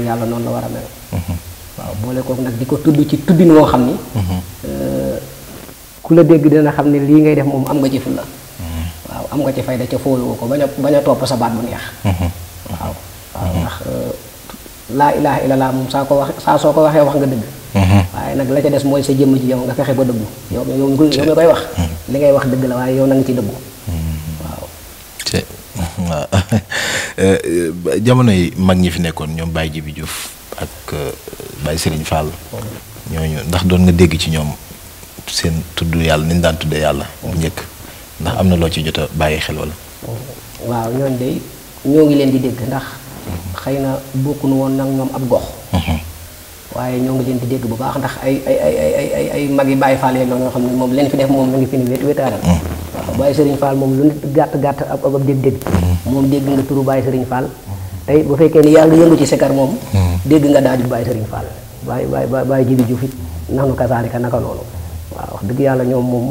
yàlla noonu la war a mel mm-hmm. nag di ko tudd ci tuddin woo xam ni mm-hmm. euh, ku la dégg dina xam ne lii ngay def moom am nga ci fulla mm-hmm. waaw am nga ci fayda ca fóoyoo ko bañ a bañ a topp sa baat bu neex waaw waaw ndax euh, laa ilaha illallah moom saa ko wax saa soo ko waxee wax nga dëgg waaye nag la ca des mooy sa jëmm ji yow nga fexe ba dëggu yow yow mi koy wax li ngay wax dëgg la waaye yow na nga ci dëggu waaw waaw euh, yi mag ñi fi nekkoon ñoom Baye Djibi Diouf ak euh, Baye Serigne Fall. ñooñu ndax doon nga dégg ci ñoom seen tudd yàlla ni daan tuddee yàlla. bu njëkk ndax am na loo ci jot a bàyyi xel wala. waaw ñooñu de ñoo ngi leen di dégg ndax. Mhm. xëy na bokkuñu woon nag ñoom ab gox. Mhm. waaye ñoo ngi leen di dégg bu baax ndax ay ay ay ay mag yi Baye Fall yeeg loolu xam ne moom leen fi def moom la ngi fi ni wét wétaaral mm-hmm. waaw Baye Serigne Fall moom lu nit gàtt gàtt ab ab dégg-dégg mm-hmm. moom dégg nga turu Baye Serigne faal tey bu fekkee ni yàlla ngi yëngu ci sikar moom mm-hmm. dégg nga daaju Baye Serigne Fall Baye Baye Baye Jibi Diouf it nax nu ka naka loolu waaw wax dëgg yàlla ñoom moom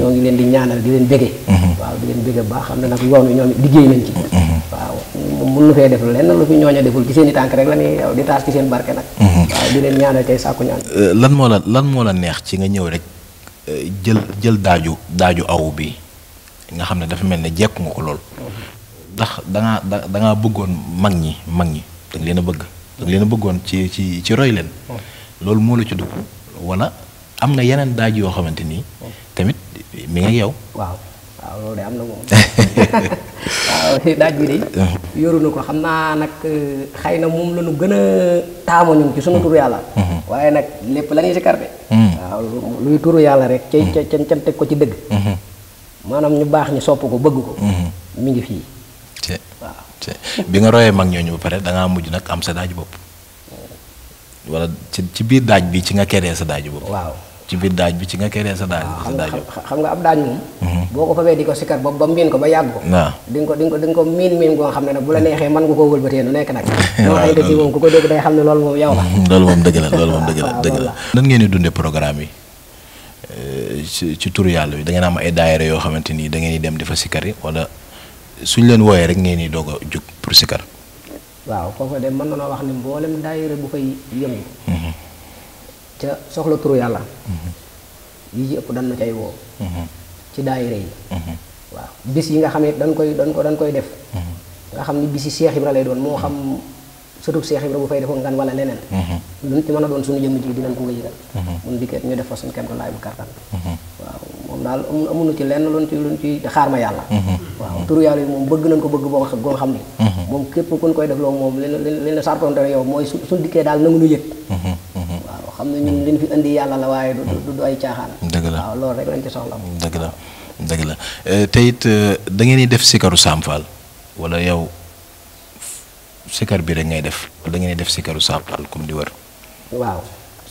ñoo ngi leen di ñaanal di leen bége mm-hmm. waaw di leen bége baax xam ne nag yoon wi ñoom liggéey nañ ci mm-hmm. waaw mun na fee def lenn lu fi ñooña deful ci seen i tànk rek la ñuy yow di taas ci seen barke nag mm-hmm. waaw di leen ñaanal tey sàkku ñaan euh, lan moo la lan moo la neex ci nga ñëw rek euh, jël jël daaju daaju aw bi nga xam ne dafa mel ne jekku nga ko lool ndax dangaa da da ngaa bëggoon mag ñi mag ñi da nga leen a bëgg da nga leen a bëggoon ci ci ci roy leen loolu moo la ci dugg wala am na yeneen daaj yoo xamante nii tamit mi ngi yow. waaw waaw de am na moom waaw daaj bi de yoru ko xam naa nag euh, xëy na moom la ñu gën a taamu ñun ci suñu turu yàlla. Mm-hmm. waaye nag lépp la ñuy si karte mm-hmm. waaw luy turu yàlla rek. ca ca ca teg ko ci dëgg. Mm-hmm. maanaam ñu baax ñu sopp ko bëgg ko. mu ngi fii. waaw bi nga royee mag ñooñu ba pare da ngaa mujj nag am sa daaj bopp wala ci ci biir daaj bi ci nga keree sa daaj bopp. waaw. ci bi daaj bi ci nga kéré sa daaj sa daaj xam nga am daaj mom boko fawé diko sikar ba ba min ko ba yaggo ding ko ding ko ding ko min min go xamné nak bu la nexé man nga ko wëlbeuté nu nek nak do ay dëgg mom ku ko dëgg day xamné lool mom yaw la mhm, lool mom dëgg la lool mom dëgg la dëgg la nan ngeen ni dundé programme yi euh, ci ci tour yalla yi da ngeen am ay daayira yo xamanteni da ngeen ni dem difa sikari wala suñ leen woyé rek ngeen ni dogo juk pour sikar waaw ko fa dem man na wax ni mbolem daayira bu fay yëm ca soxla turu yàlla mhm. yi ci ëpp dañ na cay woo mhm. ci daayira yi mhm. waaw bis yi nga xam ne dañ koy dañ ko dañ koy def nga xam ni bisi Seex Ibra lay doon moo xam surtout Seex Ibra bu fay defoon ngan wala leneen luñ ci mën a doon suñu jëmm ji dinañ ko nga yëgal mun dikkeet ñu def fa suñu kemtu laay bu kartan waaw moom daal amuñu ci lenn luñ ci luñ ci xaar ma yàlla waaw turu yàlla yi moom bëgg nañ ko bëgg boo goo xam ne moom képp kuñ koy def loo moom li li la sartoon yow mooy suñ dikkee daal nangu nu am ne ñun liñ fi indi yàlla la waaye du du ay caaxaan. dëgg la waaw loolu rek lañ ci soxla. dëgg la dëgg la euh, te it euh, da ngeen def sikaru Sam Fall wala yow sikar bi rek ngay def wala def sikaru Sam Fall di wër. waaw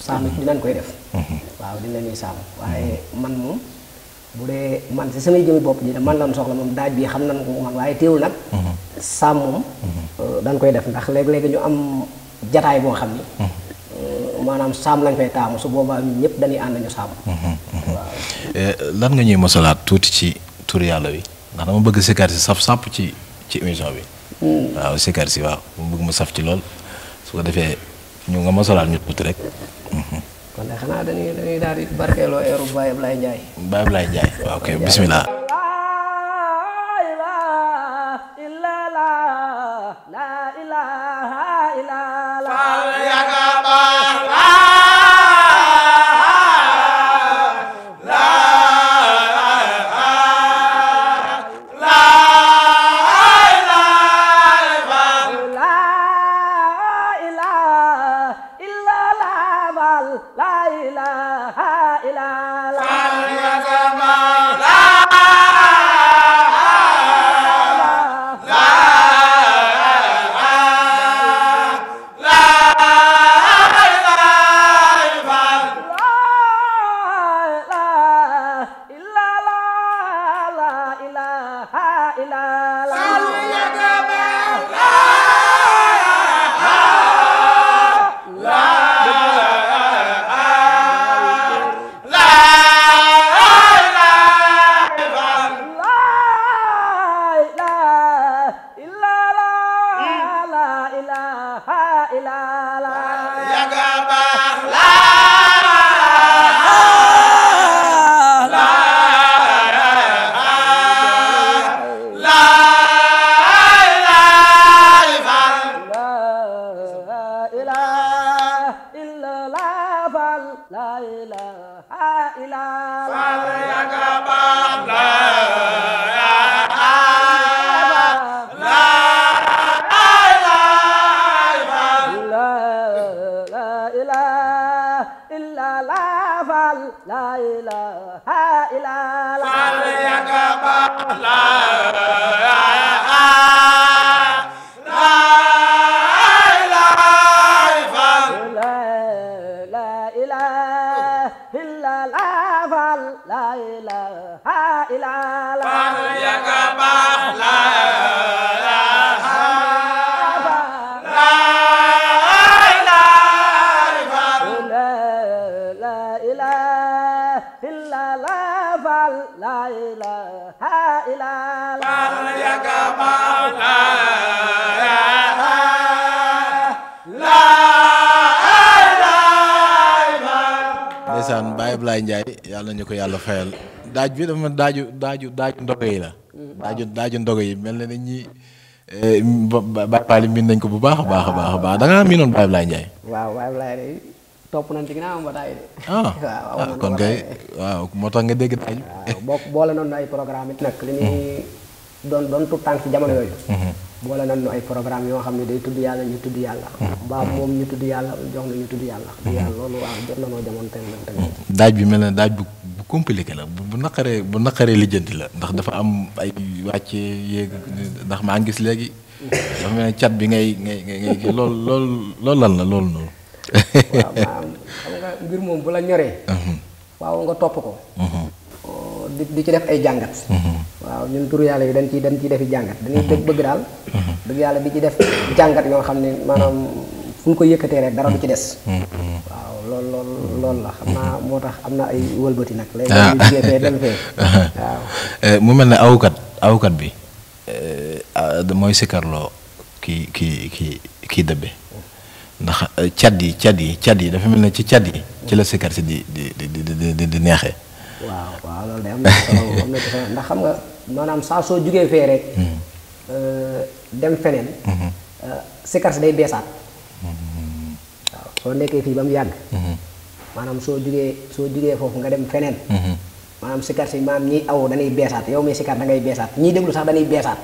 saam mhm. koy def. Mhm. waaw dinañuy saam waaye man moom. bu dee man si samay bopp ji man lan soxla daaj bi xam nañ ko man waaye teewul nag. Mhm. Euh, koy def ndax léeg-léeg ñu am jataay boo xam ni. Euh, maanaam saam lañ fay taamu su boobaa ñun ñëpp dañuy ànd ñu saam. Mhm, mhm. Euh, lan nga ñuy mosalaat tuuti ci tur yàlla wi ndax dama bëgg sikar si saf sàpp ci ci émission bi. Mm. waaw sikar waaw mu bëgg mu saf ci lool su ko defee ñu nga mosalaat ñu tuuti rek. Mhm. kon xanaa dañuy daal di barkeeloo eeru Baye Ablaye Ndiaye. Baye Ablaye Ndiaye waaw kay bisimilah. illa la fal la ilaha illa la fal ya kamal la ndeysaan Baye Ablaye Ndiaye yàlla ñu ko yàlla fayal daaj bi dafa daaju daaju daaju ndogo yi la mm-hmm. daaju daaju ndogo yi mel na ni ñi eh, Baye Fall miin nañ ko bu baax a baax a baax a baax da ngaa miinoon Baye Ablaye Ndiaye waaw Baye Ablaye topp nañ ci ginnaaw mbataay de. Ah. waaw ah, kon kay waaw moo tax nga dégg nañu. waaw boo boole na ay programme it mm-hmm. doon doon tout tànk ci jamono mm-hmm. ay programme yoo xam ne day tudd yàlla ñu tudd yàlla. mbaa mm-hmm. moom ñu tudd yàlla jox na ñu tudd yàlla. yàlla loolu waaw jot na daaj bi mel na daaj bu bu compliqué la bu naqaree bu naqaree lijjanti la ndax dafa am ay wàcce yéeg ndax maa ngi gis léegi. dafa mel ne cat bi ngay ngay ngay lool loolu lan la loolu noonu. waaw maam xam nga mbir moom bu la ñoree. Mhm. waaw nga topp ko. Mhm. Oh, di di ci def ay jàngat. Mhm. waaw ñun turu yàlla yi dañ ciy dañ ciy defi jàngat. dañuy dëgg bëgg daal. dëgg yàlla di ci def jàngat yoo xam ne maanaam fu ñu ko yëkkatee rek dara du ci des. waaw lool lool la xam naa moo tax am na ay wëlbati nag. Ah. léegi ñu jiyee dem fee waaw. Eh, mu mel ne awukat awukat bi eh, ah, mooy sikarloo ki kii kii kii dëbbe. ndax euh, cat yi cat yi cat yi dafa mel na ci cat yi ci la sikkar si di di di di di neexee. waaw waaw loolu day am na ndax xam nga maanaam saa soo jugee fee rek. Hmm. Euh, dem feneen. Hmm. Euh, sikkar si day beesaat. Hmm. waaw soo nekkee fii ba mu yàgg. maanaam soo jugee soo jugee foofu nga dem feneen. maanaam sikkar si maanaam ñiy aw dañuy beesaat yow mi sikkar da ngay beesaat ñiy déglu sax dañuy beesaat.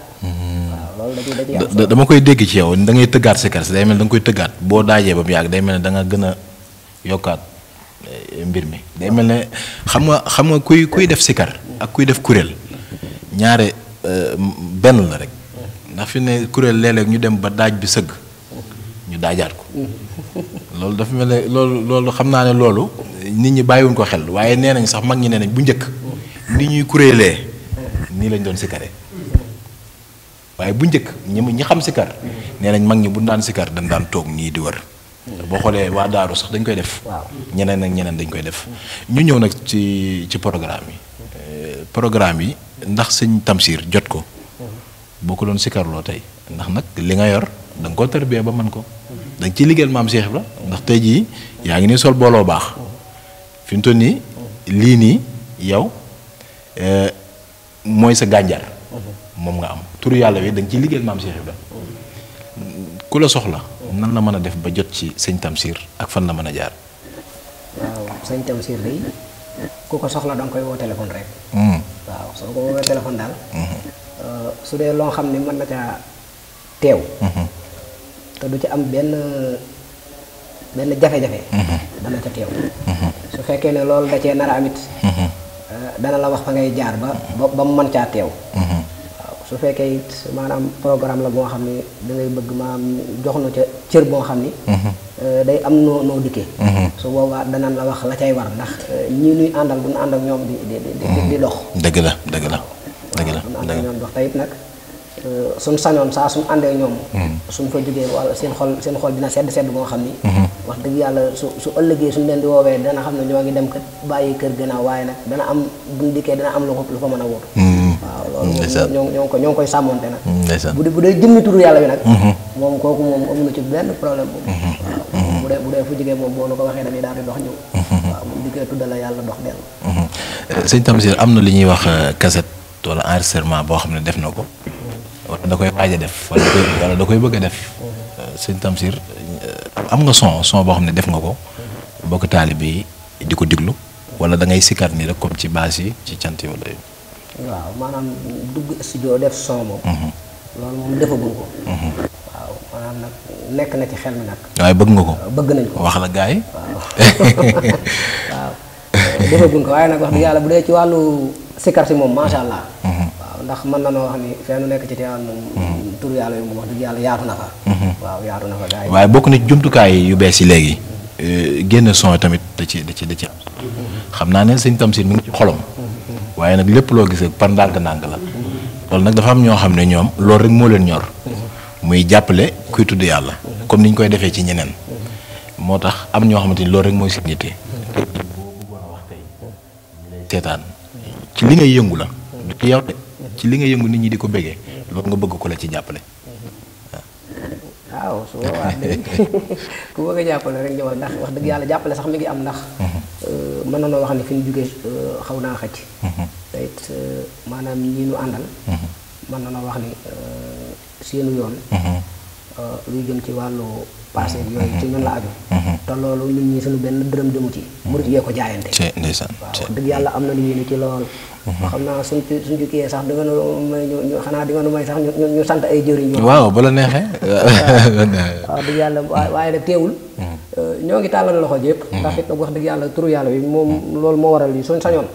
dama koy dégg ci yow da ngay tëggaat sikar si day mel da nga koy tëggaat boo daajee ba mu yàgg day mel ne da gën a yokkaat eh, mbir mi day mel ne xam nga xam nga kuy kuy def si kar ak kuy def kuréel ñaare eh, benn la rek ndax fi ne kuréel léeg ñu dem ba daaj bi sëgg ñu daajaat ko loolu dafa mel ne loolu loolu xam naa ne loolu nit ñi bàyyiwuñ ko xel waaye nee nañ sax mag ñi nee nañ bu njëkk ni ñuy kuréelee nii lañ doon si kare waye bu njëkk ñi ñi xam sikar nee nañ mag ñi bu daan sikar dañ daan tok ñi di wër bo xolé wa daaru sax dañ koy def ñeneen ak ñeneen dañ koy def ñu ñëw nak ci ci programme yi eh, programme yi ndax señ tamsir jot ko boo ko doon lo tay ndax nak li nga yor da ko koo ba man ko ci Cheikh la ndax tay ji sol bolo bax fim mu toll nii lii nii yow eh, sa ganjar moom nga am turu yàlla wi da nga ciy liggéeyal maam Cheikh Ibrahima ku la nan la mën a def ba jot ci sëñ Tamsir ak fan la mën a jaar. waaw sëñ Tamsir day soxla da koy woo téléphone rek. Hmm. waaw soo ko woowee téléphone daal. Hmm. Euh, su dee loo xam ne mën na ca teew. Hmm. te du ci am benn benn jafe-jafe. dana ca teew. su fekkee ne loolu da cee nar a amit. Euh, dana la wax fa ngay jaar ba ba mu mën caa teew. su fekkee it maanaam programme la boo xam ne dangay bëgg maa am jox na ca cër boo xam ni. Mhm. Euh, day am noo noo dikkee. Mhm. su boobaa danañ la wax la cay war ndax euh, ñi ñuy àndal bu ñu ànd ak ñoom di di di mhm. dox. dëgg la dëgg la dëgg la ak ñoom dox te it nag euh, suñ sañoon saa suñ àndee ñoom. suñ fa jógee wala seen seen xol dina sedd sedd boo xam ni. wax dëgg yàlla su su ëllëgee suñ leen di woowee dana xam ne ñoo ngi dem kat bàyyi kër gannaaw waaye nag dana am buñ dikkee dana am lu ko lu ko mën a wóor. ñoo mm, ñoo ko ñoo ngi koy sàmmonte nag mm, bu dee bu dee jëmmi turu yàlla bi nag mm-hmm. moom kooku moom amuñu ci benn problème boobu mm-hmm. waaw bu dee bu mm-hmm. la yàlla dox dellu eh, sëñ Tamsir am na li ñuy wax euh, cassette wala enregistrement boo xam ne def na ko wala da koy waaj a def wala wala da koy bëgg a def euh, sëñ Tamsir euh, am nga son son boo xam ne def nga ko bokk taalibe yi di ko diglu wala da ngay sikkaat nii rek comme ci baas yi ci cant yi waaw maanaam dugg studio def son moom. Mhm. loolu moom defaguñ ko. Mhm. waaw maanaam nag nekk na ci xel mi nag. waaye bëgg nga ko. bëgg nañ ko wax la gars yi. waaw defaguñ ko waaye nag wax dëgg yàlla bu dee ci wàllu sikar moom macha allah. Mhm. waaw ndax mën na noo wax ni fenn nekk ci teewaan moom. tur yàlla yi moom wax dëgg yàlla yaatu na fa. waaw yaatu na fa gars yi. waaye bokk na jumtukaay yu bees yi léegi. Eh, génn son tamit da ci da ci da ci xam naa ne sëñ Tamsir mi ngi ci xolom. waaye nag lépp loo gisee par ndànk ndànk la loolu nag dafa am ñoo xam ne ñoom loolu rek moo leen ñor muy jàppale kuy tudd yàlla comme ni ñu koy defee ci ñeneen moo tax am ñoo xamante ni loolu rek mooy seen yitte seetaan ci li ngay yëngu la ci yow de li ngay yëngu nit ñi di ko bëggee loolu nga bëgg ko la ci jàppale waaw su boobaa ku bëgg a jàppale rek ñëwal ndax wax dëgg yàlla jàppale sax mi ngi am ndax mhm. euh, mën na noo wax ne fi ñu jógee euh, xaw naa xëcc maanaam ñi ñu àndal. Mhm. mën na noo wax ni euh, seenu yoon. Mhm. Euh, luy jëm ci wàllu passé mhm. yooyu ci ñun la aju. te loolu ñun ñii suñu benn dërëm demu ci. murit yee ko jaayante. ndeysaan yàlla am na lu yéene ci lool. xam naa suñ ci sax di nga nu may xanaa di nga sax ñu sant ay jëriñ. waaw ba la neexee. waaw dëgg yàlla waaye da teewul. Euh, ñoo ngi tàllal loxo jëpp. ndax it wax dëgg yàlla turu yàlla bi moom loolu moo waral yi suñ sañoon.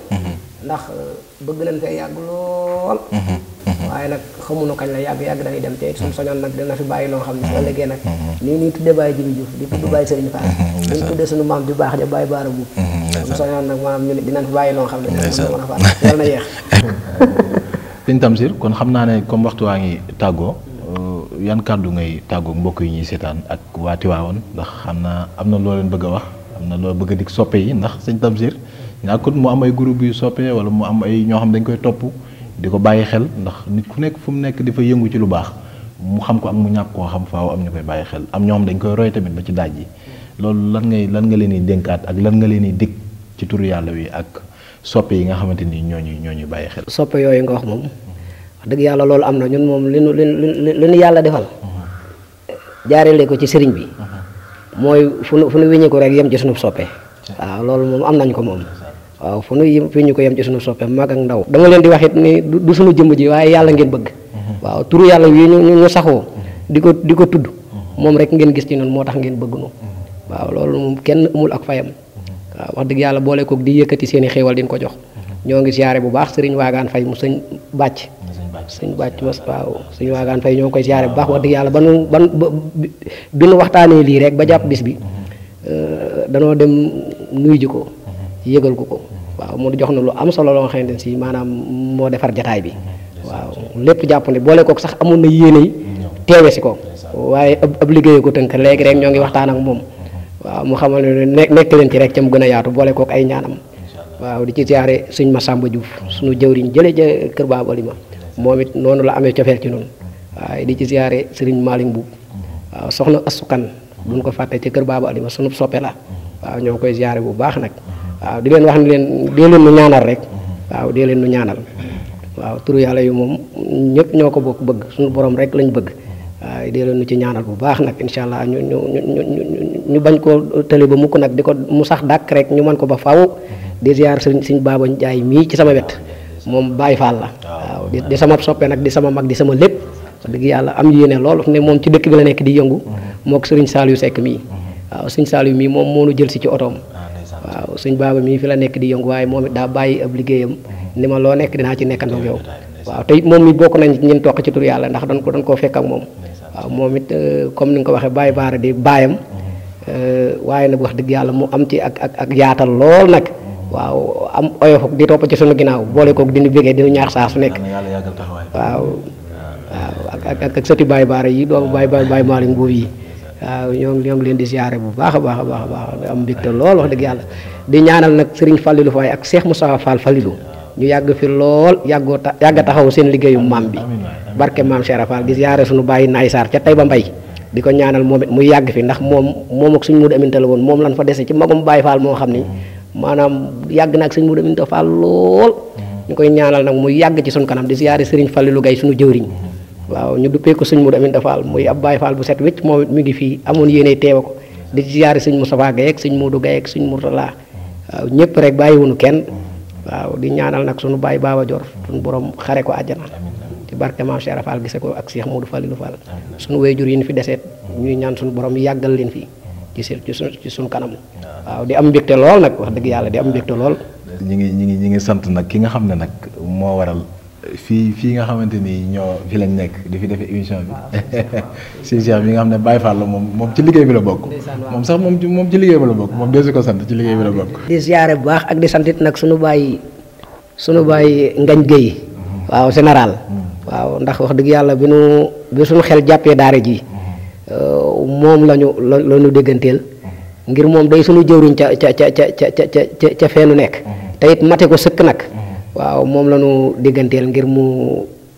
ndax euh, bëgg nañ fee yàgg lool. Mhm, mhm. waaye nag xamuñu kañ la yàgg yàgg dañuy dem te mhm. suñu soñoon nag dina fi bàyyi loo xam ne soo léegi nag. nii ñuy tuddee Baye Jibi Diouf di tudd Baye Serigne Fall. incha allah ñu tuddee suñu maam ju baax ja Baye Baara Buub. suñu soñoon nag maanaam ñu ne dinañ fi bàyyi loo xam ne. incha allah mën a faat yàlla na yéex. sëñ Tamsir kon xam naa ne comme waxtu waa ngi tàggoo. Euh, yan kàddu ngay tàggoog mbokk yi ñuy seetaan ak waa Tiwaawoon ndax xam naa am na loo leen bëgg a wax am na loo bëgg a dig soppe yi ndax sëñ Tamsir ñàkkut mu am ay groupe yu soppee wala mu am ay ñoo xam dañ koy topp di ko bàyyi xel ndax nit ku nekk fu mu nekk di fa yëngu ci lu baax mu xam ko ak mu ñàkk koo xam faaw am ñu koy bàyyi xel am ñoo xam dañ koy roy tamit ba ci daaj yi loolu lan ngay lan nga leen di dénkaat ak lan nga leen di dikk ci turu yàlla wi ak soppe yi nga xamante ni ñooñu ñooñu bàyyi xel. soppe yooyu nga wax moom wax dëgg yàlla loolu am na ñun moom li nu li nu yàlla defal jaarale ko ci sëriñ bi uh-huh. mooy fu nu fu ko rek yem ci sunu soppe waaw loolu moom am nañ ko moom. waaw ah, fu nu yim fi ñu ko yam ci sunu soppe mag ak ndaw nga leen di waxit ni du sunu jëmm ji waaye yàlla ngeen bëgg mhm. waaw turu yàlla wi ñu ñu saxoo mhm. di ko di ko tudd mhm. moom rek ngeen gis ci noonu moo tax ngeen bëgg nu waaw loolu moom kenn amul ak fayam waaw wax dëgg yàlla boole koog di yëkkati seen i xéewal din ko jox ñoo ngi siyaare bu baax sëriñ waagaan fay mu sëñ bàcc sëñ bàcc mas waaw sëñ waagaan fay ñoo ngi koy siyaare bu baax wax dëgg yàlla ba nu ban bi nu waxtaanee lii rek ba jàpp bis bi euh, danoo dem nuyu ji ko yëgal ko ko waaw mu jox na lu am solo loo xamante ne si maanaam moo defar jataay bi waaw lépp jàppandi boole kook sax amoon na yéene yi teewe si ko waaye ab ab liggéey ko tënk léegi rek ñoo ngi waxtaan ak moom waaw mu xamal ne nekk leen ci rek ca mu gën a yaatu boole kook ay ñaanam waaw di ci siyaare suñ Massamba Diouf suñu jëwriñ jële ja kër Babou moom it noonu la amee cofeel ci di ci siyaare Serigne Malick Mbuub waaw soxna Asukan duñ ko fàtte ci kër Babou Alima sunu soppee la waaw ñoo koy siyaare bu baax nag waaw di leen wax ni leen dee leen nu ñaanal rek waaw dee leen nu ñaanal waaw turu yàlla yu moom ñëpp ñoo ko bokk bëgg suñu borom rek lañ bëgg waaw dee leen nu ci ñaanal bu baax nag incha allah ñu ñu ñu ñu bañ ko tële ba mukk nag di ko mu sax dàkk rek ñu man ko ba faaw di ziar sëriñ sëriñ baaba jaay mii ci sama wet moom bàyyi faal la waaw di sama soppe nag di sama mag di sama lépp dëgg yàlla am yéene lool ne moom ci dëkk bi la nekk di yëngu mook sëriñ Saliou Seck mii waaw sëriñ Saliou mii moom moo nu jël si ci otoom waaw suñ baaba mii fi la nekk di yëngu waaye moom it daa bàyyi ab liggéeyam mm-hmm. ni ma loo nekk dinaa ci nekkandoog yow waaw te moom mi bokk nañ ñun toq ci tur yàlla ndax dañ ko dañ koo fekka ak moom waaw moom it euh, comme ni nga ko waxee bàyyi baara di baayam mm-hmm. euh, waaye nag wax dëgg yàlla mu am ci ak ak ak yaatal lool nag mm-hmm. waaw am oyof di topp ci sunu ginnaaw boole kook dinu bégee dinu ñaax saa su nekk waaw waaw ak ak ak sëti baay baara yi doomu baay baay baay maali mbuub yi waaw ñoo ngi ñoo ngi leen di siyaare bu baax a baax a baax a baax am mbégte lool wax dëgg yàlla di ñaanal nag Serigne Fallilou Faye ak Cheikh Moussa Fall Fallilou ñu yàgg fi lool yàggoo ta yàgg taxaw seen liggéeyu maam bi barke maam Cheikh Fall di ziare sunu bàyyi Naay Sarr ca Taïba Mbay di ko ñaanal moom it mu yàgg fi ndax moom moom ak suñu mudu aminte woon moom lan fa dese ci magum Baye Fall moo xam ni mm-hmm. maanaam yàgg ak suñ mudu Fall lool mm-hmm. ñu koy ñaanal nag mu yàgg ci suñ kanam di ziare Serigne Fallilou Gay sunu jëwriñ mm-hmm. waaw ñu duppee ko suñu mudu aminte Fall muy ab Baye Fall bu set wécc moom mi ngi fii amoon yéene teewa ko di ziare Serigne Moustapha Gaye ak Serigne Modou Gaye ak Serigne waaw ñëpp rek bàyyiwunu kenn waaw di ñaanal nag sunu bàyyi baaba jor sunu borom xare ko àjjana ci barke maam Cheikh Fall gise ko ak Cheikh Modou Fallilou Fall sunu wéyjur yi ñu fi deseet ñuy ñaan sunu borom yàggal leen fii ci seen ci sunu ci sunu kanam waaw di am mbégte lool nag wax dëgg yàlla di am mbégte lool. ñu ngi ñi ngi ngi sant nag ki nga xam ne nag moo waral. fii fii nga xamante ni ñoo fi lañ nekk di fi defee émission bi si Cheikh mi nga xam ne Baye Fall moom moom ci liggéey bi la bokk moom sax moom moom ci liggéey bi la bokk moom deesu ko sant ci liggéey bu baax ak di santit nag suñu bàyyi suñu bàyyi ngañ mhm. waaw général mhm. waaw ndax wax dëgg yàlla bi nu xel jàppee daare ji mhm. euh, moom lañu la dégganteel ngir moom day suñu jëwriñ ca ca ca ca ca ca ca feenu nekk te it ko sëkk nag waaw moom la ñu dégganteel ngir mu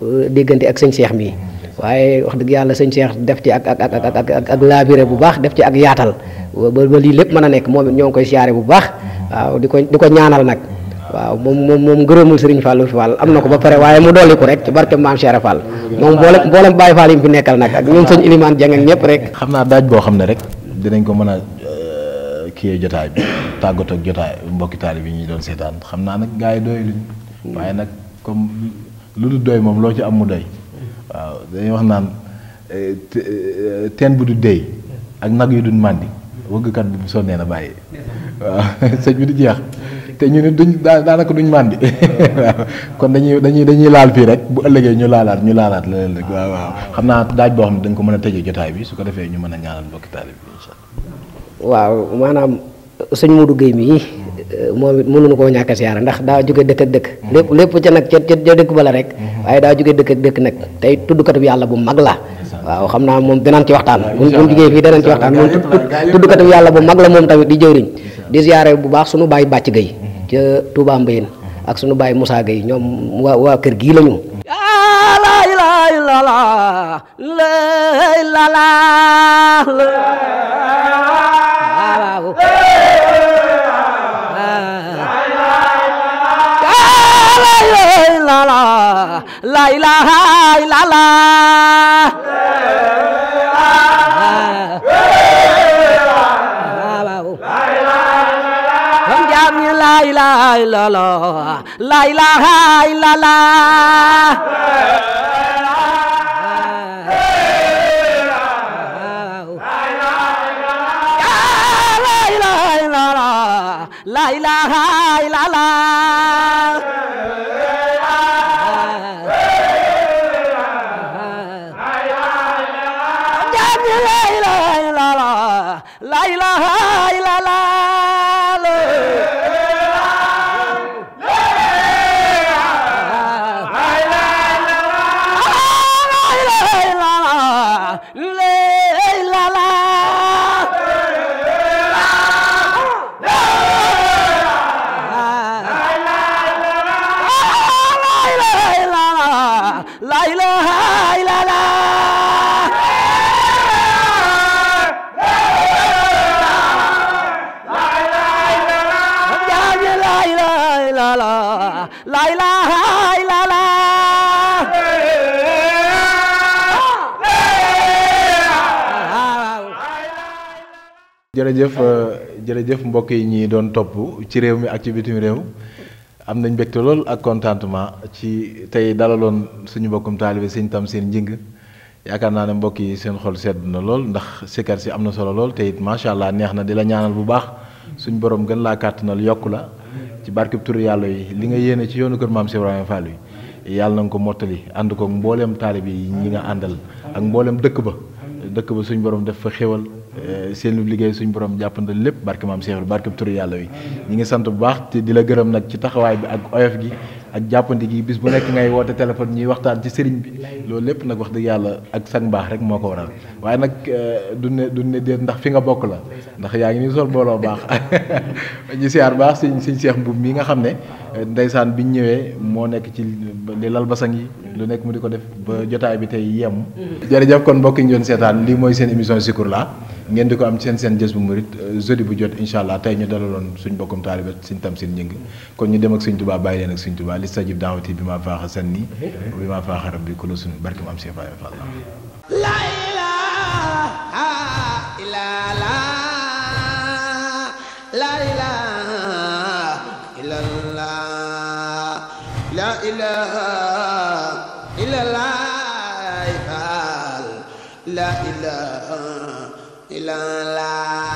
uh, diggante ak sëñ Cheikh mi waaye wax dëgg yàlla sëñ Cheikh def ci ak ak ak ak ak laabire bu baax def ci ak yaatal ba lii lépp mën a nekk moom ñoo ngi koy siyaare bu baax waaw di ko di ko ñaanal nag waaw moom moom moom ngërëmul Sëriñ Fallou Fall am na ko ba pare waaye mu dolli ko rek ci barke maam Cheikh Fall moom mboolem mboolem Baye Fall yi mu fi nekkal nag ak ñoom sëñ Ilimane Dieng ak ñëpp rek. xam naa daaj boo xam ne rek dinañ ko mën a uh, kii jotaay bi tàggatoo ak mbokki taali bi ñuy doon seetaan xam naa nag gars yi waaye nag comme lu du doy moom loo ci am mu doy waaw dañuy wax naan eh, eh, teen bu du dey ak nag yu duñ màndi wëggkat bi bu sonnee na bàyyi waaw sëñ bi du jeex te ñu ne duñ daanaka duñ màndi waaw kon dañuy dañuy dañuy laal fii rek bu ëllëgee ñu laalaat ñu laalaat leneen rek waaw waaw xam naa daaj boo xam ne da ko mën a tëjee jotaay bi su ko defee ñu mën a ñaanal mbokki taalib bi incha allah waaw maanaam sëñ Modou Guèye mii Euh, moom it mënuñu koo ñàkk siyaara ndax daa jóge dëkk ak dëkk lépp mhm. lépp ca nag ca ca dëkk ba la rek mhm. waaye daa jóge dëkk ak dëkk nag tey tuddkatub yàlla bu mag la waaw xam naa moom danañ bu ñu jógee fii danañ ci waxtaan moom tuddkatub yàlla bu mag la moom tamit di jëwriñ di siyaare bu baax suñu bàyyi bàcc gay mhm. ca Touba Mbayeen ak suñu bàyyi Moussa Gay ñoom waa waa kër gii la ñu la la la la la la la la la la không dám như la la la la la la hai la la la la la la la ilaha illallah jërëjëf euh, jërëjëf mbokk yi ñi doon topp ci réew mi ak ci bitim réew am nañ mbégte lool ak contentement ci tey dalaloon suñu mbokkum taalibe sëñ seen Njing yaakaar naa ne mbokk yi seen xol sedd na lool ndax sikar si am na solo lool te it macha allah neex na di la ñaanal bu baax suñu borom gën laa kàttanal yokk la ci barkeb turu yàlla yi li nga yéene ci yoonu kër maam si Ibrahima Fall yi yàlla na nga ko mottali ànd ko mbooleem taalibe yi ñi nga àndal ak mbooleem dëkk ba dëkk ba suñu borom def fa xéwal Euh, seenu liggéey suñ borom jàppandal lépp barke maam Cheikh barke turu yàlla wi ñi ngi sant bu baax te di la gërëm nag ci taxawaay bi ak oyof gi ak jàppandi gi bis bu nekk ngay woote téléphone ñuy waxtaan ci sëriñ bi loolu lépp nag wax dëgg yàlla ak sag mbaax rek moo ko waral waaye nag euh, du ne du ne déet ndax fi nga bokk la ndax yaa ngi nii sol mbooloo baax ñu siyaar baax suñ suñ seex mbub mi nga xam ne euh, ndeysaan biñ ñëwee moo nekk ci li lal basang yi lu nekk mu di ko def ba jotaay bi tey yem mm-hmm. jërëjëf kon mbokk ñu seetaan lii mooy seen émission Zikroullah ngeen di ko am seen seen jës bu murit euh, jeudi bu jot incha allah tey ñu dalaloon suñ bokkum taaliba suñ Tamsir Gningue kon ñu dem ak ñu Tuubaa bàyyi leen ak suñ Tuubaa li stajib daawati bi ma faaxa san nii bi ma faaxa rabbi ku la suñu barke mu am si faaya fa allah la ilaha 啦。